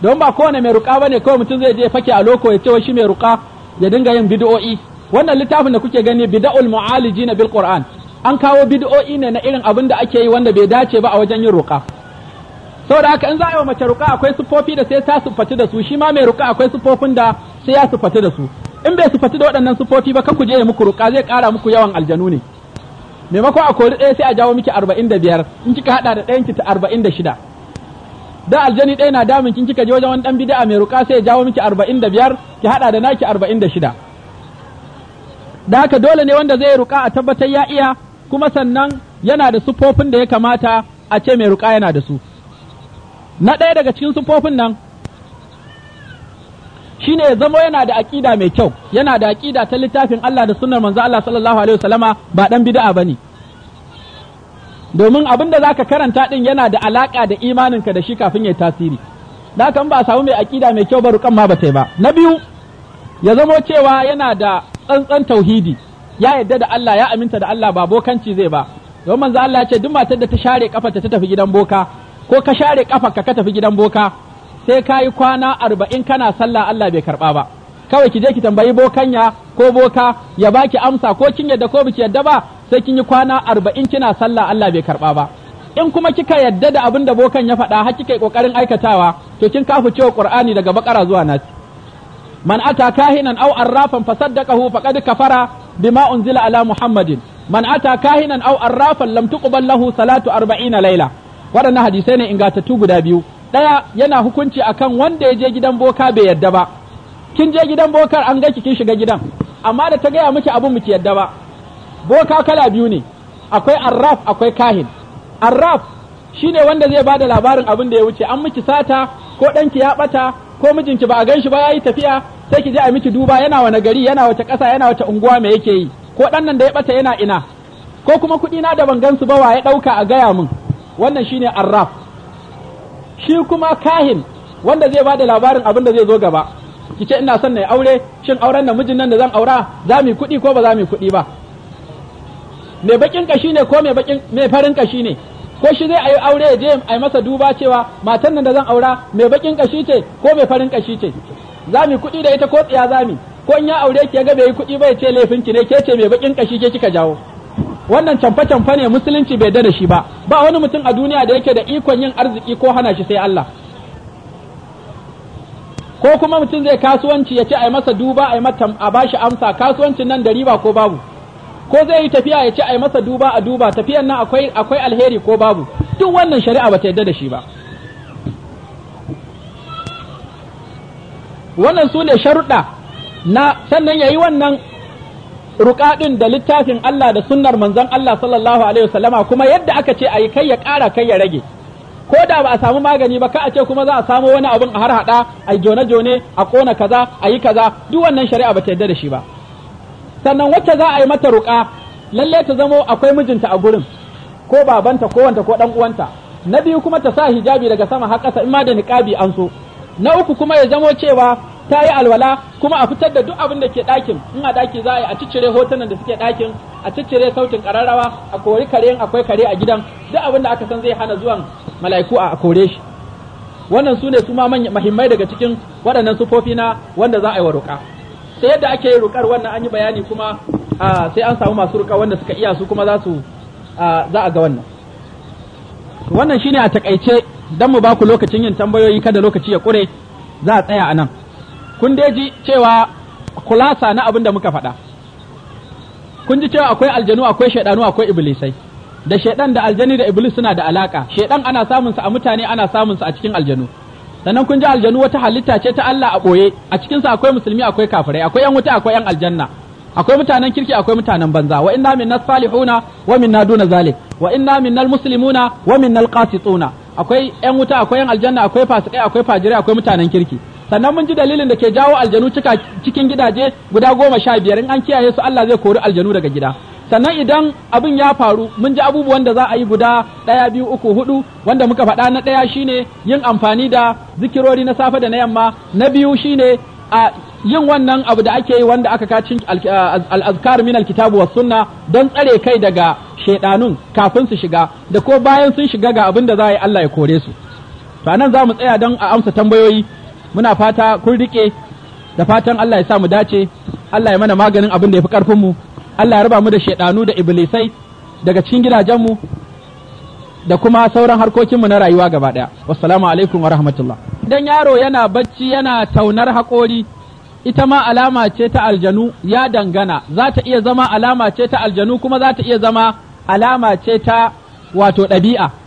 don ba kowane mai ruƙa ne kawai mutum zai je fake a loko ya ce shi mai ruƙa ya dinga yin bid'o'i wannan littafin da kuke gani bid'ul na bil qur'an an kawo bid'o'i ne na irin abin da ake yi wanda bai dace ba a wajen yin ruƙa saboda haka in za a yi wa mace ruƙa akwai sufofi da sai ta siffati da su shi ma mai ruƙa akwai sufofin da sai ya siffati da su in bai siffati da waɗannan sufofi ba kan ku je muku ruka, zai ƙara muku yawan aljanu ne maimakon a kori ɗaya sai a jawo miki arba'in da biyar in kika haɗa da ɗayan ki ta arba'in da shida da aljani ɗaya na damun kin kika je wajen wani ɗan bid'a mai ruka sai ya jawo miki arba'in da biyar ki haɗa da naki arba'in da shida da haka dole ne wanda zai ruka a tabbatar ya iya kuma sannan yana da sufofin da ya kamata a ce mai ruka yana da su na ɗaya daga cikin sufofin nan shine ya zamo yana da aƙida mai kyau yana da aƙida ta littafin Allah da sunnar manzo Allah sallallahu alaihi wasallama ba dan bid'a ne, domin abin da zaka karanta din yana da alaka da imaninka da shi kafin ya tasiri da kan ba samu mai aƙida mai kyau ba rukan ma ba ba na biyu ya zamo cewa yana da tsantsan tauhidi ya yadda da Allah ya aminta da Allah ba bokanci zai ba domin manzo Allah ya ce duk matar da ta share kafa ta tafi gidan boka ko ka share kafa ka tafi gidan boka sai ka yi kwana arba'in kana sallah Allah bai karɓa ba kawai ki je ki tambayi bokanya ko boka ya baki amsa ko kin yadda ko biki yadda ba sai kin yi kwana arba'in kina sallah Allah bai karɓa ba in kuma kika yadda da abin da bokan ya faɗa har kika yi ƙoƙarin aikatawa to kin kafu cewa Ƙur'ani daga bakara zuwa nasi man ata kahinan aw arrafan fasaddaqahu faqad kafara bima unzila ala muhammadin man ata kahinan aw arrafan lam tuqbal lahu salatu arba'ina laila waɗannan hadisai ne ingatattu guda biyu ɗaya yana hukunci a kan wanda ya je gidan boka bai yadda ba kin je gidan bokar an ga kin shiga gidan amma da ta gaya miki abin miki yadda ba boka kala biyu ne akwai arraf akwai kahin arraf shi ne wanda zai ba da labarin abin da ya wuce an miki sata ko ɗanki ya ɓata ko mijinki ba a gan shi ba yayi tafiya sai ki je a miki duba yana wani gari yana wata ƙasa yana wata unguwa me yake yi ko ɗan nan da ya ɓata yana ina ko kuma kuɗi na da ban gansu ba wa ya ɗauka a gaya min wannan shine arraf shi kuma kahin wanda zai bada labarin abin da zai zo gaba ki ce ina son na yi aure shin auren namijin mijin nan da zan aura za mu yi kuɗi ko ba za mu yi kuɗi ba me bakin kashi ne ko me bakin me farin kashi ne ko shi zai ayi aure je ayi masa duba cewa matan nan da zan aura mai bakin kashi ce ko mai farin kashi ce za mu yi kuɗi da ita ko tsiya za mu ko in ya aure ki ya ga bai yi kuɗi ba ya ce laifin ki ne ke ce mai bakin kashi ke kika jawo wannan canfa-canfa ne musulunci bai da shi ba ba wani mutum a duniya da yake da ikon yin arziki ko hana shi sai Allah ko kuma mutum zai kasuwanci ya ce a yi masa duba a yi mata a bashi amsa kasuwancin nan da riba ko babu ko zai yi tafiya ya ce a yi masa duba a duba tafiyan nan akwai akwai alheri ko babu duk wannan shari'a ba ta yadda da shi ba wannan su ne sharuɗa na sannan ya yi wannan ruƙaɗin da littafin Allah da sunnar manzon Allah sallallahu alaihi wasallama kuma yadda aka ce a yi kai ya ƙara kai ya rage ko da ba a samu magani ba ka a ce kuma za a samo wani abin a harhaɗa a jone jone a ƙona kaza a yi kaza duk wannan shari'a ba ta yarda da shi ba sannan wacce za a yi mata ruƙa lalle ta zamo akwai mijinta a gurin ko babanta ko wanta ko dan uwanta na biyu kuma ta sa hijabi daga sama har ƙasa in ma da niqabi an so na uku kuma ya zamo cewa ta yi alwala kuma a fitar da duk abin da ke ɗakin in a ɗaki za a yi a ciccire hotunan da suke ɗakin a ciccire sautin ƙararrawa a kori kare in akwai kare a gidan duk abin da aka san zai hana zuwan mala'iku a kore shi wannan su ne su ma mahimmai daga cikin waɗannan sufofi na wanda za a yi wa roƙa sai yadda ake yin roƙar wannan an yi bayani kuma sai an samu masu roƙa wanda suka iya su kuma za su za a ga wannan wannan shine a takaice dan mu ba ku lokacin yin tambayoyi kada lokaci ya ƙure za a tsaya a nan kun dai ji cewa kulasa na abin da muka faɗa kun ji cewa akwai aljanu akwai shaidanu akwai iblisai da shaidan da aljani da iblis suna da alaka shaiɗan ana samun sa a mutane ana samun sa a cikin aljanu sannan kun ji aljanu wata halitta ce ta Allah a boye a cikin sa akwai musulmi akwai kafirai akwai yan wuta akwai yan aljanna akwai mutanen kirki akwai mutanen banza wa inna minnas salihuna wa minna duna zalik wa inna minnal muslimuna wa minnal qasituna akwai yan wuta akwai yan aljanna akwai fasikai akwai fajirai akwai mutanen kirki sannan mun ji dalilin da ke jawo aljanu cika cikin gidaje guda goma sha biyar in an kiyaye su Allah zai kori aljanu daga gida sannan idan abin ya faru mun ji abubuwan da za a yi guda ɗaya biyu uku hudu wanda muka faɗa na ɗaya shine yin amfani da zikirori na safe da na yamma na biyu shine a yin wannan abu da ake yi wanda aka kacin al'azkar min alkitabu was sunna don tsare kai daga shaidanun kafin su shiga da ko bayan sun shiga ga abin da za a yi Allah ya kore su to nan za mu tsaya don a amsa tambayoyi muna fata kun rike da fatan Allah ya sa mu dace Allah ya mana maganin abin da ya fi karfin mu Allah ya raba mu da shaidanu da iblisai daga cikin gidajen mu da kuma sauran harkokin mu na rayuwa gaba daya wassalamu alaikum wa rahmatullah idan yaro yana bacci yana taunar haƙori ita ma alama ce ta aljanu ya dangana za ta iya zama alama ce ta aljanu kuma za ta iya zama alama ce ta wato ɗabi'a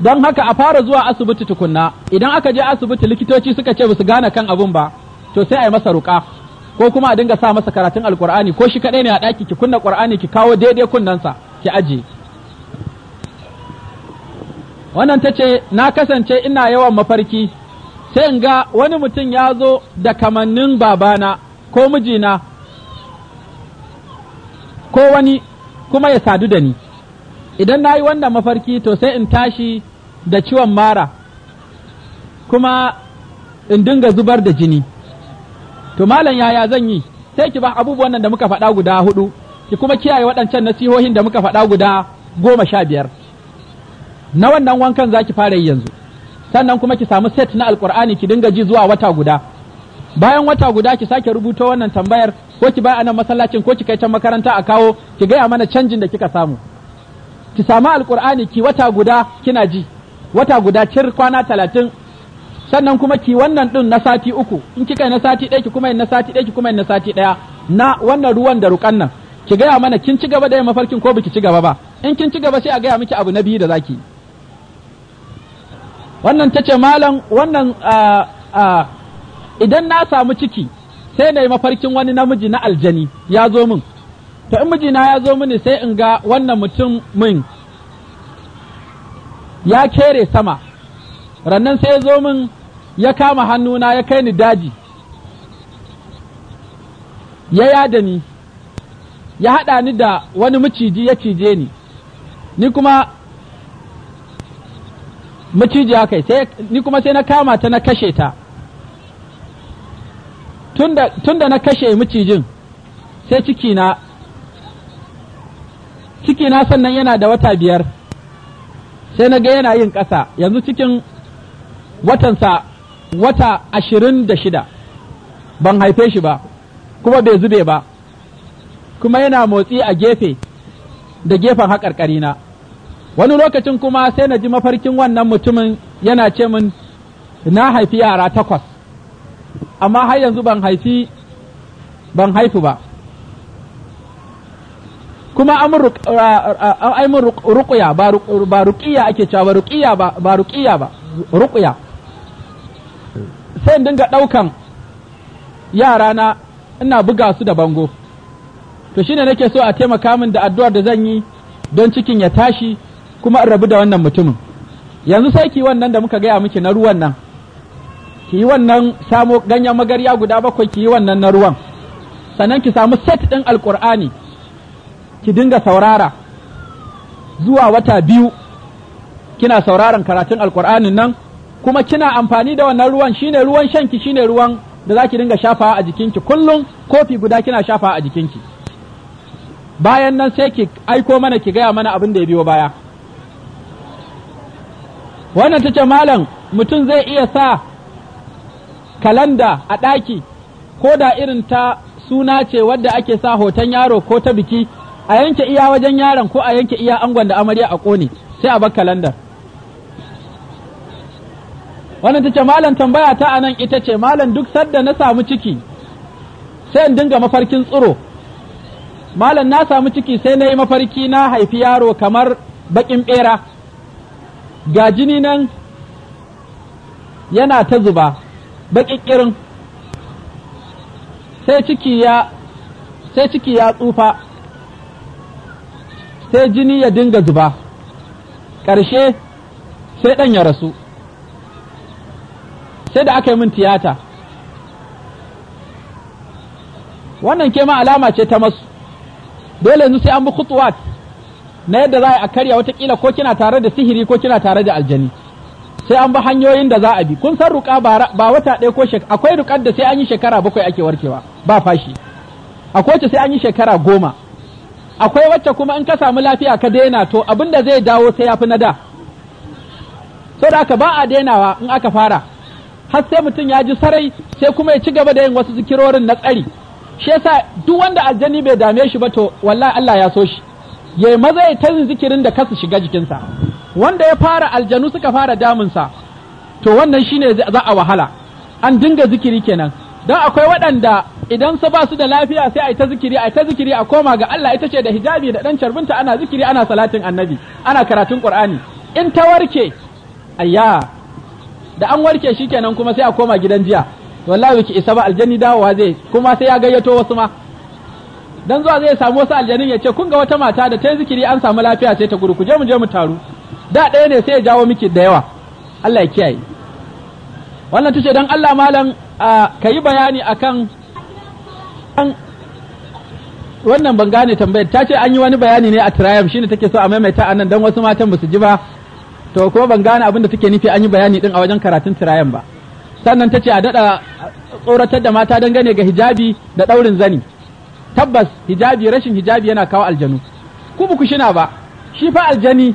don haka a fara zuwa asibiti tukunna idan aka je asibiti likitoci suka ce su gane kan abun ba to sai a yi masa ruka ko kuma a dinga sa masa karatun alkur'ani ko shi kadai ne a daki ki kunna qur'ani ki kawo daidai kunnensa ki aje wannan tace na kasance ina yawan mafarki sai in ga wani mutum ya zo da kamannin babana ko mijina ko wani kuma ya sadu da ni idan na yi wannan mafarki to sai in tashi da ciwon mara kuma in dinga zubar da jini to malam yaya zan yi sai ki ba abubuwan nan da muka faɗa guda hudu ki kuma kiyaye waɗancan nasihohin da muka faɗa guda goma sha biyar na wannan wankan za ki fara yi yanzu sannan kuma ki samu set na alkur'ani ki dinga ji zuwa wata guda bayan wata guda ki sake rubuto wannan tambayar ko ki ba a nan masallacin ko ki kai can makaranta a kawo ki gaya mana canjin da kika samu ki samu alkur'ani ki wata guda kina ji wata guda cir kwana talatin sannan kuma ki wannan din na sati uku in kika yi na sati ɗaya ki kuma yi na sati ɗaya ki kuma yi na sati ɗaya na wannan ruwan da rukan nan ki gaya mana kin ci gaba da yin mafarkin ko biki ci gaba ba in kin ci gaba sai a gaya miki abu na biyu da zaki wannan ta ce malam wannan idan na samu ciki sai na yi mafarkin wani namiji na aljani ya zo min to in mijina ya zo mini sai in ga wannan mutum min ya kere sama rannan sai ya zo min ya kama hannuna ya kai ni daji ya yada ni ya haɗa ni da wani maciji ya cije ni ni kuma maciji kai sai ni kuma sai na kama ta na kashe ta tunda na kashe macijin sai ciki na ciki na sannan yana da wata biyar sai na ga yana yin ƙasa yanzu cikin watansa wata ashirin da shida ban haife shi ba kuma bai zube ba kuma yana motsi a gefe da gefen haƙarƙari na wani lokacin kuma sai na ji mafarkin wannan mutumin yana ce min na haifi yara takwas amma har yanzu ban haifi ban haifu ba kuma ai mun ruqya ba ruqiya ake cewa ba ruqiya ba ba ba ruqya sai in dinga daukan yara na ina buga su da bango to shine nake so a taimaka min da addu'ar da zan yi don cikin ya tashi kuma in rabu da wannan mutumin yanzu sai ki wannan da muka gaya miki na ruwan nan ki yi wannan samo ganyen magarya guda bakwai ki yi wannan na ruwan sannan ki samu set ɗin alkur'ani ki dinga saurara zuwa wata biyu kina sauraron karatun alkur'anin nan kuma kina amfani da wannan ruwan shine ruwan shanki shine ruwan da za ki dinga shafa a jikinki kullum kofi guda kina shafa a jikinki bayan nan sai ki aiko mana ki gaya mana abin da ya biyo baya wannan ta ce malam mutum zai iya sa kalanda a ɗaki ko da irin ta suna ce wadda ake sa hoton yaro ko ta biki a yanke iya wajen yaron ko a yanke iya angon da amarya a kone sai a bar kalandar wannan ta ce malam tambaya ta anan ita ce malam duk sadda na samu ciki sai in dinga mafarkin tsiro malam na samu ciki sai na yi mafarki na haifi yaro kamar bakin bera ga jini nan yana ta zuba baƙiƙirin sai sai ciki ya tsufa sai jini ya dinga zuba ƙarshe sai ɗan ya rasu sai da aka yi min tiyata wannan ke ma alama ce ta masu dole yanzu sai an bi kutuwat na yadda za a karya watakila ko kina tare da sihiri ko kina tare da aljani sai an bi hanyoyin da za a bi kun san ruka ba wata ɗaya ko shekara akwai rukar da sai an yi shekara bakwai ake warkewa ba fashi akwai wacce sai an yi shekara goma akwai wacce kuma in ka samu lafiya ka daina to abin da zai dawo sai ya fi na da so da ba a dainawa in aka fara har sai mutum ya ji sarai sai kuma ya ci gaba da yin wasu zikirorin na tsari shi yasa duk wanda aljani bai dame shi ba to wallahi Allah ya so shi yayi maza ya ta zikirin da kasu shiga jikinsa wanda ya fara aljanu suka fara damunsa to wannan shine za a wahala an dinga zikiri kenan don akwai waɗanda idan su ba su da lafiya sai a yi ta zikiri a yi ta zikiri a koma ga Allah ita ce da hijabi da ɗan carbinta ana zikiri ana salatin annabi ana karatun ƙur'ani in ta warke ayya da an warke shikenan kuma sai a koma gidan jiya wallahi ki isa ba aljanni dawowa zai kuma sai ya gayyato wasu ma dan zuwa zai samu wasu aljanin ya ce kun ga wata mata da ta yi zikiri an samu lafiya sai ta gudu ku je mu je mu taru da ɗaya ne sai ya jawo miki da yawa Allah ya kiyaye wannan tushe dan Allah malam A ka yi bayani akan wannan ban gane tambayar ta ce an yi wani bayani ne a tirayam shine take so a maimaita a nan don wasu matan basu ji ba to ko ban gane abin da take nufi an yi bayani din a wajen karatun tirayam ba sannan ta ce a daɗa tsoratar da mata gane ga hijabi da ɗaurin zani tabbas hijabi rashin hijabi yana kawo aljanu ku ba ku shina ba shi fa aljani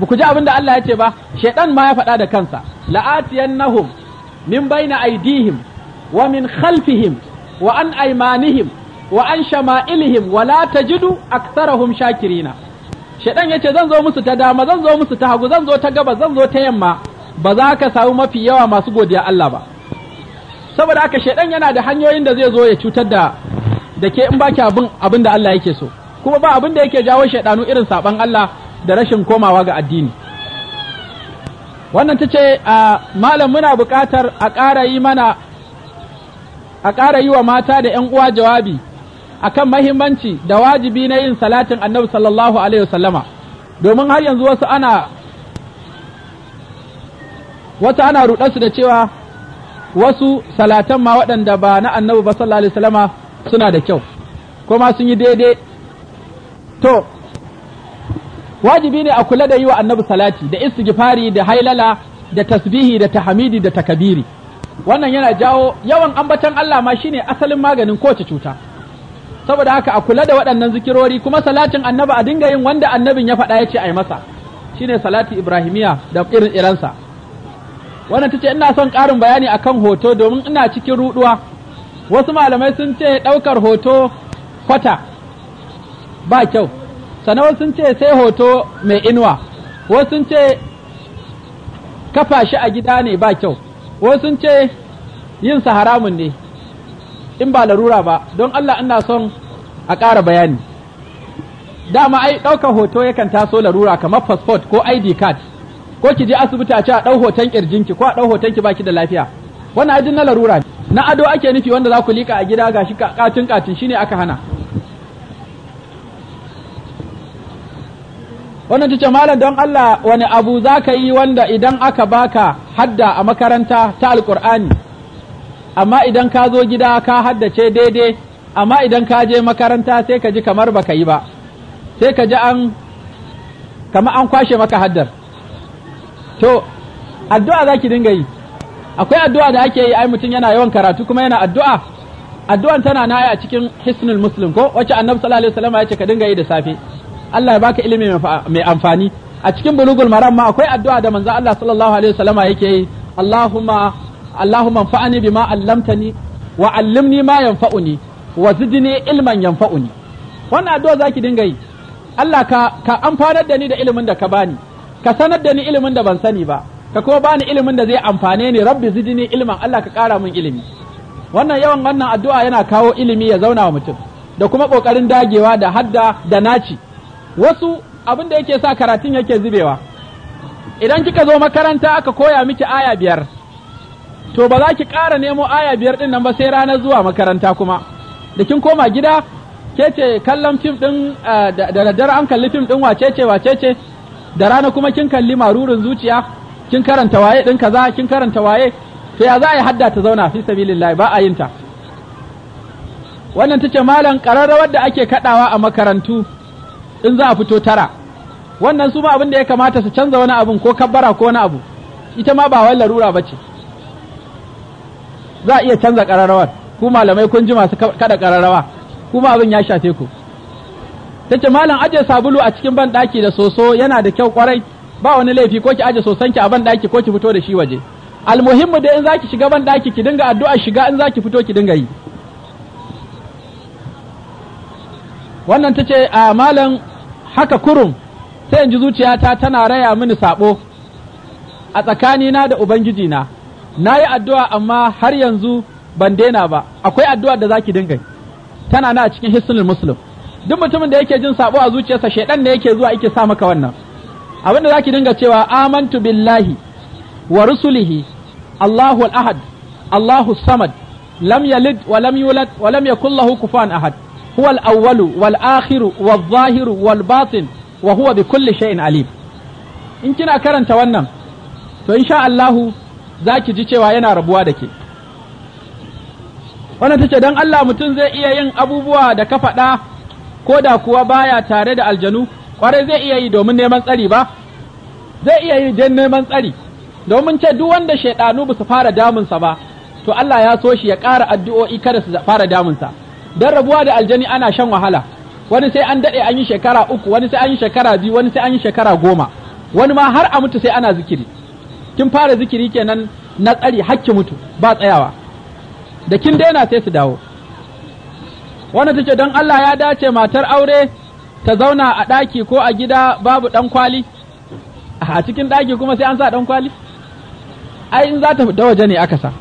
ba ku ji abin da Allah ya ce ba shaidan ma ya faɗa da kansa la'atiyannahum min baina aidihim wa min khalfihim wa an aimanihim wa an shama'ilihim wa la tajidu aktharahum shakirina shedan yace zan zo musu ta dama zan zo musu ta hagu zan zo ta gaba zan zo ta yamma ba za ka samu mafi yawa masu godiya Allah ba saboda haka shedan yana da hanyoyin da zai zo ya cutar da dake ke in baki abin abin da Allah yake so kuma ba abin da yake jawo shedanu irin saban Allah da rashin komawa ga addini wannan ta ce a malam muna buƙatar a ƙara yi mana a ƙara yi wa mata da 'yan uwa jawabi akan mahimmanci da wajibi na yin salatin annabi sallallahu alaihi wasallama domin har yanzu wasu ana wata ana rudarsu da cewa wasu salatan ma waɗanda ba na annabi ba sallallahu alaihi wasallama suna da kyau kuma sun yi daidai to wajibi ne a kula da yi wa annabi salati da istighfari da hailala da tasbihi da tahmidi da takabiri wannan yana jawo yawan ambaton Allah ma shine asalin maganin kowace cuta saboda haka a kula da waɗannan zikirori kuma salatin annabi a dinga yin wanda annabin ya faɗa ya ce a yi masa shine salati ibrahimiya da irin iransa wannan tace ina son ƙarin bayani akan hoto domin ina cikin ruɗuwa wasu malamai sun ce ɗaukar hoto kwata ba kyau sannan wasu sun ce sai hoto mai inuwa wasu sun ce kafa shi a gida ne ba kyau wasu sun ce yin sa haramun ne in ba larura ba don Allah ina son a ƙara bayani dama ai ɗaukar hoto yakan taso larura kamar passport ko ID card ko ki je asibiti a ce a ɗau hoton ƙirjinki ko a ɗau hoton ki baki da lafiya wannan ajin na larura na ado ake nufi wanda za ku liƙa a gida gashi katin katin shine aka hana wannan tuce malam don Allah wani abu za ka yi wanda idan aka baka hadda a makaranta ta alkur'ani amma idan ka zo gida ka haddace daidai amma idan ka je makaranta sai ka ji kamar baka yi ba sai ka ji an kamar an kwashe maka haddar to addu'a za ki dinga yi akwai addu'a da ake yi ai mutum yana yawan karatu kuma yana addu'a addu'an tana na a cikin hisnul muslim ko wacce annabi sallallahu alaihi wasallam ya ce ka dinga yi da safe Allah ya baka ilimi mai amfani a cikin bulugul maram ma akwai addu'a da manzo Allah sallallahu alaihi wasallama yake yi Allahumma Allahumma fa'ani bima allamtani wa allimni ma yanfa'uni wa zidni ilman yanfa'uni wannan addu'a zaki dinga yi Allah ka ka amfanar da ni da ilimin da ka bani ka sanar da ni ilimin da ban sani ba ka kuma bani ilimin da zai amfane ni rabbi zidni ilman Allah ka kara min ilimi wannan yawan wannan addu'a yana kawo ilimi ya zauna wa mutum da kuma kokarin dagewa da hadda da naci wasu abin da yake sa karatun yake zubewa idan kika zo makaranta aka koya miki aya biyar to ba za ki ƙara nemo aya biyar ɗin nan ba sai ranar zuwa makaranta kuma da kin koma gida ke ce kallon fim ɗin eh, da daddare an kalli fim ɗin wacece wacece da rana kuma kin kalli marurin zuciya kin karanta waye ɗin kaza kin karanta waye to ya za a yi hadda ta zauna fi sabilillahi ba a yin ta wannan tace malam ƙararrawar da ake kaɗawa a makarantu in za a fito tara wannan su ma abin da ya kamata su canza wani abin ko kabbara ko wani abu ita ma ba wai larura bace za a iya canza ƙararrawar ku malamai kun ji masu kada ƙararrawa ma abin ya shafe ku ta ce malam aje sabulu a cikin ban daki da soso yana da kyau kwarai ba wani laifi ko ki aje soson ki a ban daki ko ki fito da shi waje almuhimmu da in zaki shiga ban daki ki dinga addu'a shiga in zaki fito ki dinga yi wannan ta ce a malam haka kurum sai in ji zuciyata tana raya mini sabo a tsakanina da ubangijina na yi addu'a amma har yanzu ban daina ba akwai addu'a da zaki dinga tana na cikin hisnul muslim duk mutumin da yake jin sabo a zuciyarsa shaidan ne yake zuwa yake sa maka wannan abin da zaki dinga cewa amantu billahi wa rusulihi Allahu al-ahad Allahu samad lam yalid wa lam yulad wa lam yakul lahu kufuwan ahad huwa al-awwalu wal akhiru wal zahiru wal batin wa huwa bi kulli shay'in alim in kina karanta wannan to insha Allahu zaki ji cewa yana rabuwa da ke wannan tace dan Allah mutum zai iya yin abubuwa da ka faɗa ko da kuwa baya tare da aljanu kwarai zai iya yi domin neman tsari ba zai iya yi don neman tsari domin ce duk wanda shaiɗanu ba su fara damunsa ba to Allah ya so shi ya ƙara addu'o'i kada su fara damunsa Don rabuwa da aljani ana shan wahala wani sai an daɗe an yi shekara uku wani sai an yi shekara biyu wani sai an yi shekara goma wani ma har a mutu sai ana zikiri kin fara zikiri kenan na tsari hakki mutu ba tsayawa da kin daina sai su dawo wani tace don Allah ya dace matar aure ta zauna a ɗaki ko a gida babu ɗan kwali a cikin ɗaki kuma sai an sa ɗan kwali ai in za ta da waje ne aka sa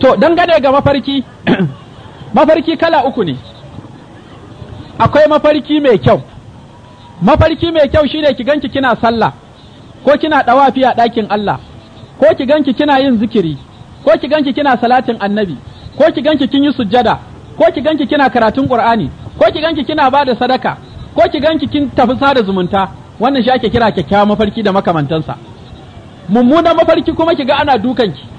to dangane ga mafarki mafarki kala uku ne akwai mafarki mai kyau mafarki mai kyau shine ki ganki kina sallah ko kina dawafi a ɗakin Allah ko ki ganki kina yin zikiri ko ki ganki kina salatin annabi ko ki ganki kin yi sujjada ko ki ganki kina karatun qur'ani ko ki ganki kina bada sadaka ko ki ganki kin tafi sada zumunta wannan shi ake kira kyakkyawan mafarki da makamantansa mummunan mafarki kuma ki ga ana dukanki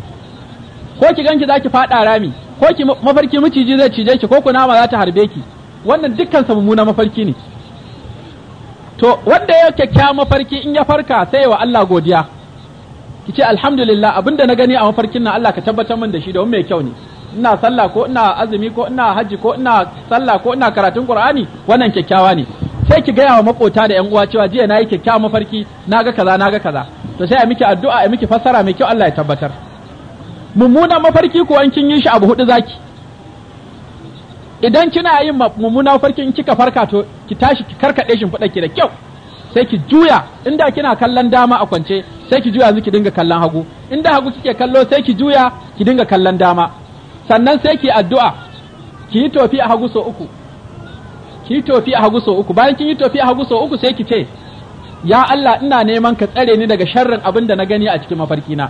ko ki ganki zaki faɗa rami ko ki mafarki miciji zai cije ki ko kunama za ta harbe ki wannan dukkan sa mummuna mafarki ne to wanda ya kyakkyawan mafarki in ya farka sai wa Allah godiya ki ce alhamdulillah abinda na gani a mafarkin nan Allah ka tabbatar min da shi domin mai kyau ne ina sallah ko ina azumi ko ina haji ko ina sallah ko ina karatun qur'ani wannan kyakkyawa ne sai ki gaya wa makota da yan uwa cewa jiya nayi kyakkyawa mafarki naga kaza naga kaza to sai a miki addu'a a miki fassara mai kyau Allah ya tabbatar mummuna mafarki ko an kin yi shi abu hudu zaki idan kina yin mummuna mafarki kika farka to ki tashi ki karkade shin ki da kyau sai ki juya inda kina kallon dama a kwance sai ki juya ki dinga kallon hagu inda hagu kike kallo sai ki juya ki dinga kallon dama sannan sai ki addu'a ki yi tofi a hagu sau uku ki yi tofi a hagu sau uku bayan kin yi tofi a hagu sau uku sai ki ce ya Allah ina neman ka tsare ni daga sharrin abin da na gani a cikin mafarkina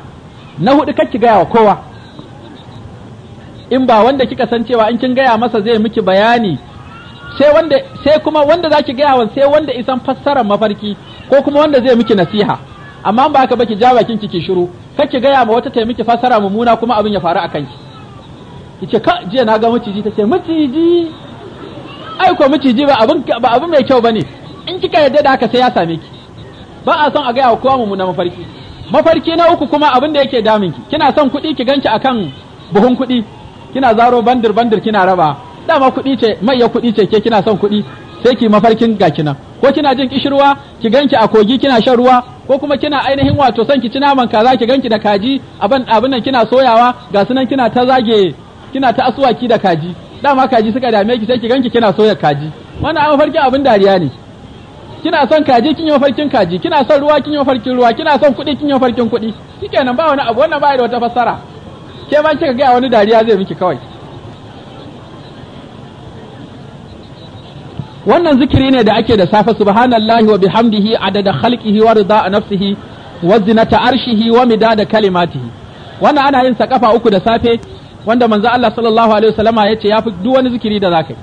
na hudu kake gaya wa kowa in ba wanda kika san cewa in kin gaya masa zai miki bayani sai wanda sai kuma wanda zaki gaya wa sai wanda isan fassarar mafarki ko kuma wanda zai miki nasiha amma ba haka baki jawa bakin ki shiru kake gaya ma wata ta miki fassara mumuna kuma abin ya faru a kanki yace ka jiya na ga maciji ce maciji ai ko maciji ba abin ba abin mai kyau bane in kika yadda da haka sai ya same ki ba a son a gaya wa kowa mumuna mafarki mafarki na uku kuma abin da yake daminki kina son kuɗi ki ganci akan buhun kuɗi kina zaro bandir bandir kina raba dama kuɗi ce mai ya kuɗi ce ke kina son kuɗi sai ki mafarkin ga kina ko kina jin kishirwa ki ganki a kogi kina shan ruwa ko kuma kina ainihin wato son ki ci naman kaza ki ganki da kaji abin abin nan kina soyawa ga sunan kina ta zage kina ta asuwaki da kaji dama kaji suka dame ki sai ki ganki kina soyar kaji wannan a mafarkin abin dariya ne kina son kaji kin yi mafarkin kaji kina son ruwa kin yi mafarkin ruwa kina son kuɗi kin yi mafarkin kuɗi shikenan ba wani abu wannan ba da wata fassara ke ban kika ga wani dariya zai miki kawai wannan zikiri ne da ake da safe subhanallahi wa bihamdihi adada khalqihi wa rida nafsihi wa zinata arshihi wa midada kalimatihi wannan ana yin sa kafa uku da safe wanda manzo Allah sallallahu alaihi wasallama yace yafi duk wani zikiri da zakai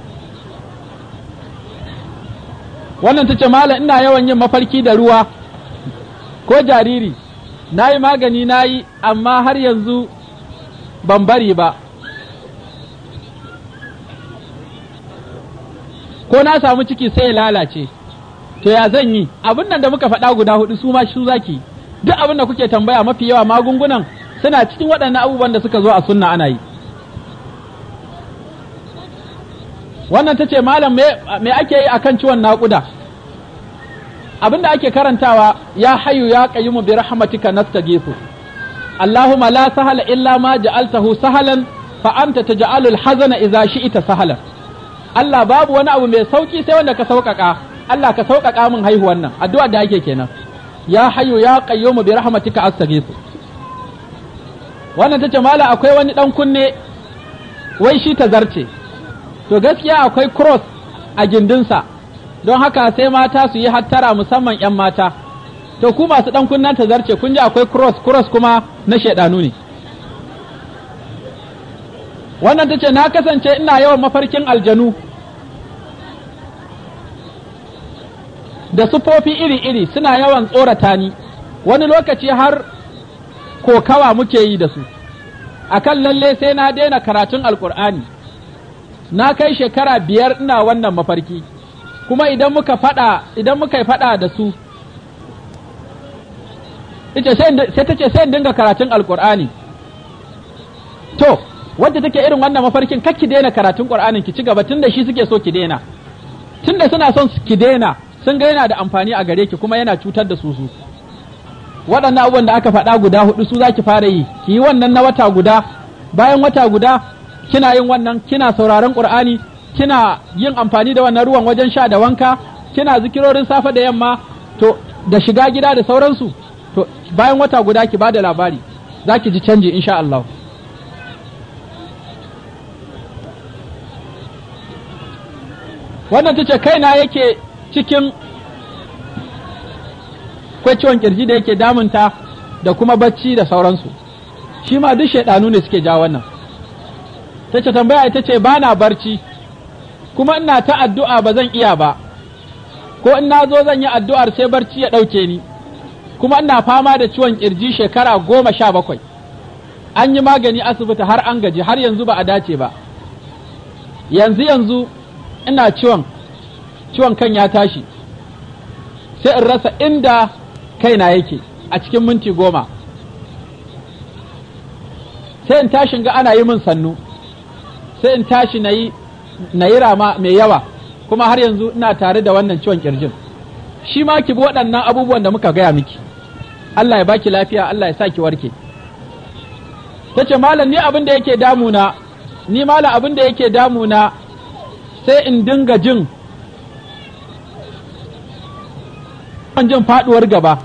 wannan ta ce malam ina yawan yin mafarki da ruwa ko jariri na yi magani na yi amma har yanzu ban bari ba ko na samu ciki sai ya lalace to ya zan yi abin nan da muka faɗa guda hudu su ma shi zaki duk abin da kuke tambaya mafi yawa magungunan suna cikin waɗannan abubuwan da suka zo a sunna ana yi wannan ta ce malam me ake yi akan ciwon naƙuda abin da ake karantawa ya hayu ya mu bi rahmatika nastaghiithu Allahumma la sahala illa ma ja'altahu sahalan fa anta taj'alul hazana idza shi'ta sahalan Allah babu wani abu mai sauki sai wanda ka sauƙaƙa Allah ka sauƙaƙa min haihuwan nan addu'a da ake kenan ya hayu ya qayyumu bi rahmatika astaghiithu wannan tace mala akwai wani dan kunne wai shi ta zarce to gaskiya akwai cross a gindinsa don haka sai mata su yi hattara musamman 'yan mata to ku masu ɗan kunnen ta zarce kun ji akwai cross cross kuma na shaidanu ne wannan ta ce na kasance ina yawan mafarkin aljanu da sufofi iri-iri suna yawan tsorata ni wani lokaci har kokawa muke yi da su akan lalle sai na daina karatun alkur'ani na kai shekara biyar ina wannan mafarki kuma idan muka fada idan muka fada da su sai ta ce sai in dinga karatun alkur'ani to wadda take irin wannan mafarkin kakki daina karatun qur'anin ki ci gaba tunda shi suke so ki daina tunda suna son ki daina sun ga yana da amfani a gare ki kuma yana cutar da su su waɗannan abubuwan da aka faɗa guda hudu su za ki fara yi ki yi wannan na wata guda bayan wata guda kina yin wannan kina sauraron qur'ani kina yin amfani da wannan ruwan wajen sha da wanka kina zikirorin safe da yamma to da shiga gida da sauransu to bayan wata guda ki bada labari zaki ji canji insha Allah wannan tace kaina yake cikin ciwon kirji da yake damunta da kuma bacci da sauransu shi ma duk shaidanu ne suke ja wannan ta ce tambaya ita ce ba na barci kuma ina ta addu'a ba zan iya ba ko ina zo zan yi addu'ar sai barci ya ɗauke ni kuma ina fama da ciwon ƙirji shekara goma sha bakwai an yi magani asibiti har an gaji har yanzu ba a dace ba yanzu yanzu ina ciwon ciwon kan ya tashi sai in rasa inda kaina yake a cikin minti goma sai in tashin ga ana yi min sannu sai in tashi na yi na rama mai yawa kuma har yanzu ina tare da wannan ciwon kirjin shi ma ki bi waɗannan abubuwan da muka gaya miki Allah ya baki lafiya Allah ya sa ki warke ta ce malam ni abin da yake damuna ni malam abin da yake damuna sai in dinga jin jin faɗuwar gaba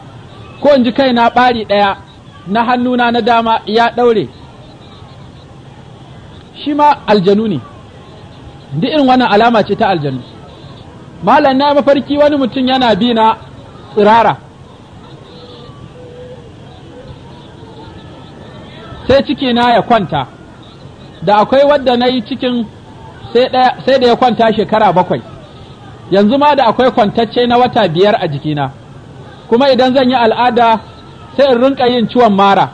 ko in ji kai na ɓari ɗaya na hannuna na dama ya ɗaure shi ma aljanu ne duk irin wannan alama ce ta aljanu malam na mafarki wani mutum yana bi na tsirara sai ciki na ya kwanta da akwai wadda na yi cikin sai da ya kwanta shekara bakwai yanzu ma da akwai kwantacce na wata biyar a jikina kuma idan zan yi al'ada sai in rinka yin ciwon mara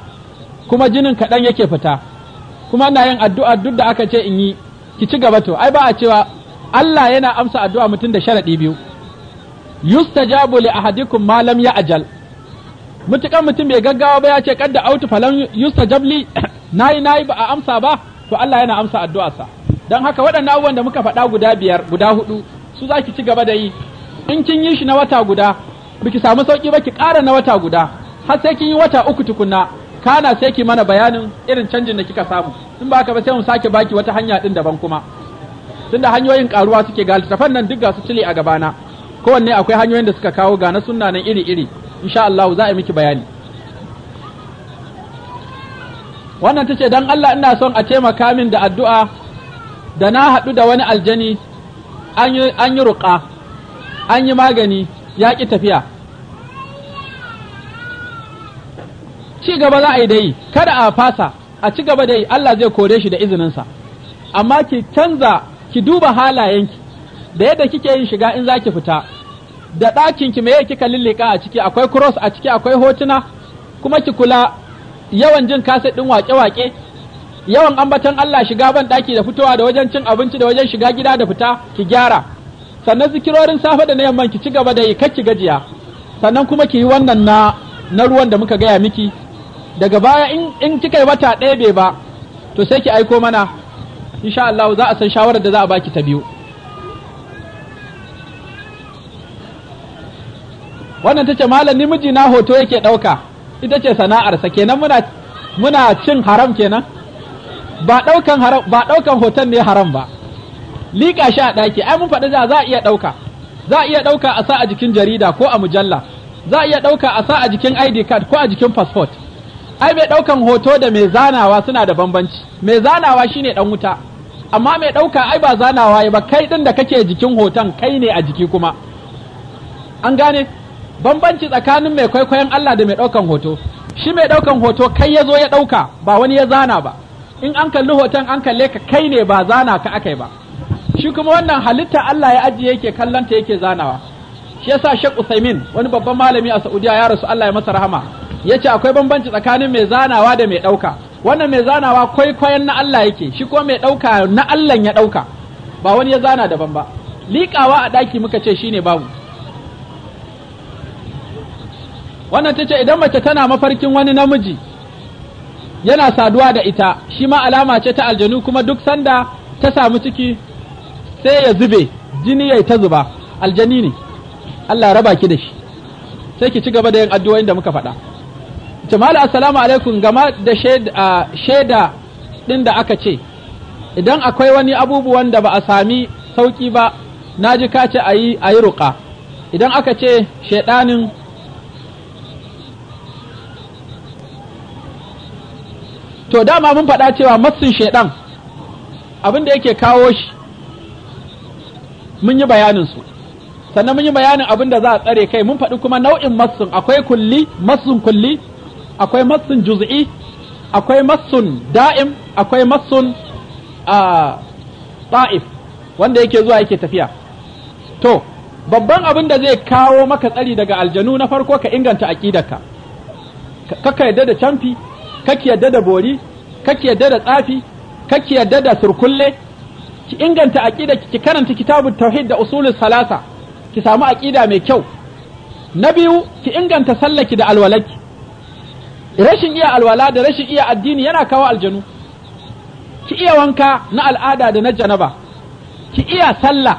kuma jinin kaɗan yake fita kuma na yin addu'a duk da aka ce in yi ki ci gaba to ai ba a cewa Allah yana amsa addu'a mutum da sharadi biyu yustajabu li ahadikum malam ya ajal, mutukan mutum bai gaggawa ba ya ce kadda autu falan yustajab li nayi nayi ba a amsa ba to Allah yana amsa addu'arsa dan haka waɗannan abubuwan da muka faɗa guda biyar guda hudu su zaki ci gaba da yi in kin yi shi na wata guda biki samu sauki ba ki ƙara na wata guda har sai kin yi wata uku tukunna kana sai ki mana bayanin irin canjin da kika samu in ba ka ba sai mu sake baki wata hanya din daban kuma tunda hanyoyin karuwa suke ga littafan nan duk ga su cile a gabana kowanne akwai hanyoyin da suka kawo ga na sunna nan iri iri insha Allah za a yi miki bayani wannan tace dan Allah ina son a taimaka min da addu'a da na haɗu da wani aljani an yi ruƙa an yi magani ya ƙi tafiya ci gaba za a yi da yi kada a fasa a ci gaba da yi Allah zai kore shi da izininsa amma ki canza ki duba halayenki da yadda kike yin shiga in zaki fita da ɗakin ki meye kika lillika a ciki akwai cross a ciki akwai hotuna kuma ki kula yawan jin kaset din wake-wake yawan ambaton Allah shiga ban ɗaki da fitowa da wajen cin abinci da wajen shiga gida da fita ki gyara sannan zikirorin safe da na yamman ki ci gaba da yi kar ki gajiya sannan kuma ki yi wannan na na ruwan da muka gaya miki daga baya in kika yi wata ɗaya bai ba to sai ki aiko mana insha Allah za a san shawarar da za a baki ta biyu wannan tace malam ni miji na hoto yake ɗauka ita ce sana'arsa kenan muna cin haram kenan ba ɗaukan hoton ne haram ba liƙa shi a ɗaki ai mun faɗi za a iya ɗauka za a iya ɗauka a sa a jikin jarida ko a mujalla za a iya ɗauka a sa a jikin ID card ko a jikin passport ai mai ɗaukan hoto da mai zanawa suna da bambanci mai zanawa shine dan wuta amma mai ɗauka ai ba zanawa ya ba kai ɗin da kake jikin hoton kai ne a jiki kuma an gane bambanci tsakanin mai kwaikwayon Allah da mai ɗaukan hoto shi mai ɗaukan hoto kai ya zo ya ɗauka ba wani ya zana ba in an kalli hoton an kalle ka kai ne ba zana ka akai ba shi kuma wannan halitta Allah ya ajiye yake kallanta yake zanawa shi yasa Sheikh Usaimin wani babban malami a Saudiya ya rasu Allah ya masa rahama Ya ce akwai bambanci tsakanin mai zanawa da mai ɗauka wannan mai zanawa kwaikwayon na Allah yake shi ko mai ɗauka na Allah ya ɗauka ba wani ya zana daban ba liƙawa a ɗaki muka ce shi ne babu wannan ta ce idan mace tana mafarkin wani namiji yana saduwa da ita shi ma alama ce ta aljanu kuma duk sanda ta samu ciki sai ya zube jini ya ta zuba aljani ne Allah raba ki da shi sai ki ci gaba da yin addu'o'in da muka faɗa jama'a assalamu alaikum gama da shaida ɗin da aka ce idan akwai wani abubuwan da ba a sami sauƙi ba na ji ka ce a yi ruƙa idan aka ce to dama mun faɗa cewa matsin shaiɗan abin da yake kawo shi mun yi bayaninsu sannan mun yi bayanin abin da za a tsare kai mun faɗi kuma nau'in matsin akwai kulli matsin kulli akwai massun juz'i akwai massun da'im akwai massun ta'if wanda yake zuwa yake tafiya to babban abin da zai kawo maka tsari daga aljanu na farko ka inganta aqidarka kaka yadda da canfi ki yadda da bori ki yadda da tsafi ki yadda da surkulle ki inganta aqida ki karanta kitabut tauhid da usulul salasa ki samu aqida mai kyau na biyu ki inganta sallaki da alwalaki rashin iya alwala da rashin iya addini yana kawo aljanu ki iya wanka na al'ada da na janaba ki iya sallah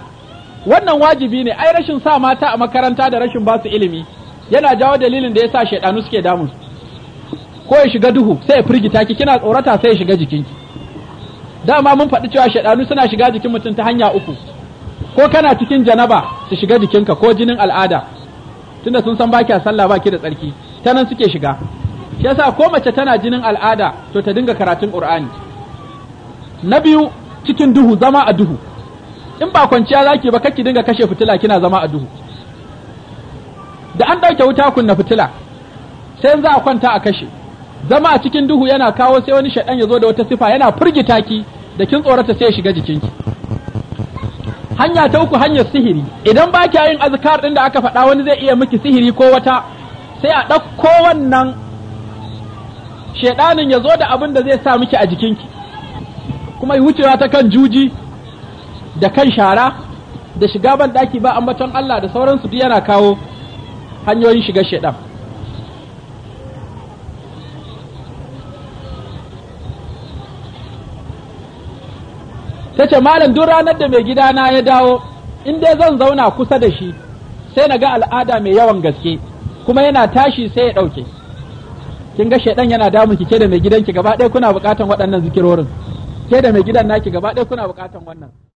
wannan wajibi ne ai rashin sa mata a makaranta da rashin basu ilimi yana jawo dalilin da ya sa shaidanu suke damu ko ya shiga duhu sai ya firgita ki kina tsorata sai ya shiga jikinki dama mun faɗi cewa shaidanu suna shiga jikin mutum ta hanya uku ko kana cikin janaba su shiga jikinka ko jinin al'ada tunda sun san baki a sallah baki da tsarki tanan suke shiga shi yasa ko mace tana jinin al'ada to ta dinga karatun qur'ani na biyu cikin duhu zama a duhu in ba kwanciya zaki ba kake dinga kashe fitila kina zama a duhu da an dauke wuta kunna fitila sai za a kwanta a kashe zama a cikin duhu yana kawo sai wani shaɗan ya zo da wata sifa yana firgita ki da kin tsorata sai ya shiga ki hanya ta uku hanyar sihiri idan ba kya yin azkar din da aka faɗa wani zai iya miki sihiri ko wata sai a ɗauko wannan shedanin ya zo da abin da zai sa miki a jikinki kuma wucewa ta kan juji da kan shara da shiga ban daki ba ambaton Allah da sauransu duk yana kawo hanyoyin shiga shedan ta ce malam duk ranar da mai gidana ya dawo in dai zan zauna kusa da shi sai na ga al'ada mai yawan gaske kuma yana tashi sai ya ɗauke kin ga shaidan yana damun ki ke da mai gidanki gaba ɗaya kuna buƙatan waɗannan zikirorin ke da mai gidan naki gaba ɗaya kuna buƙatan wannan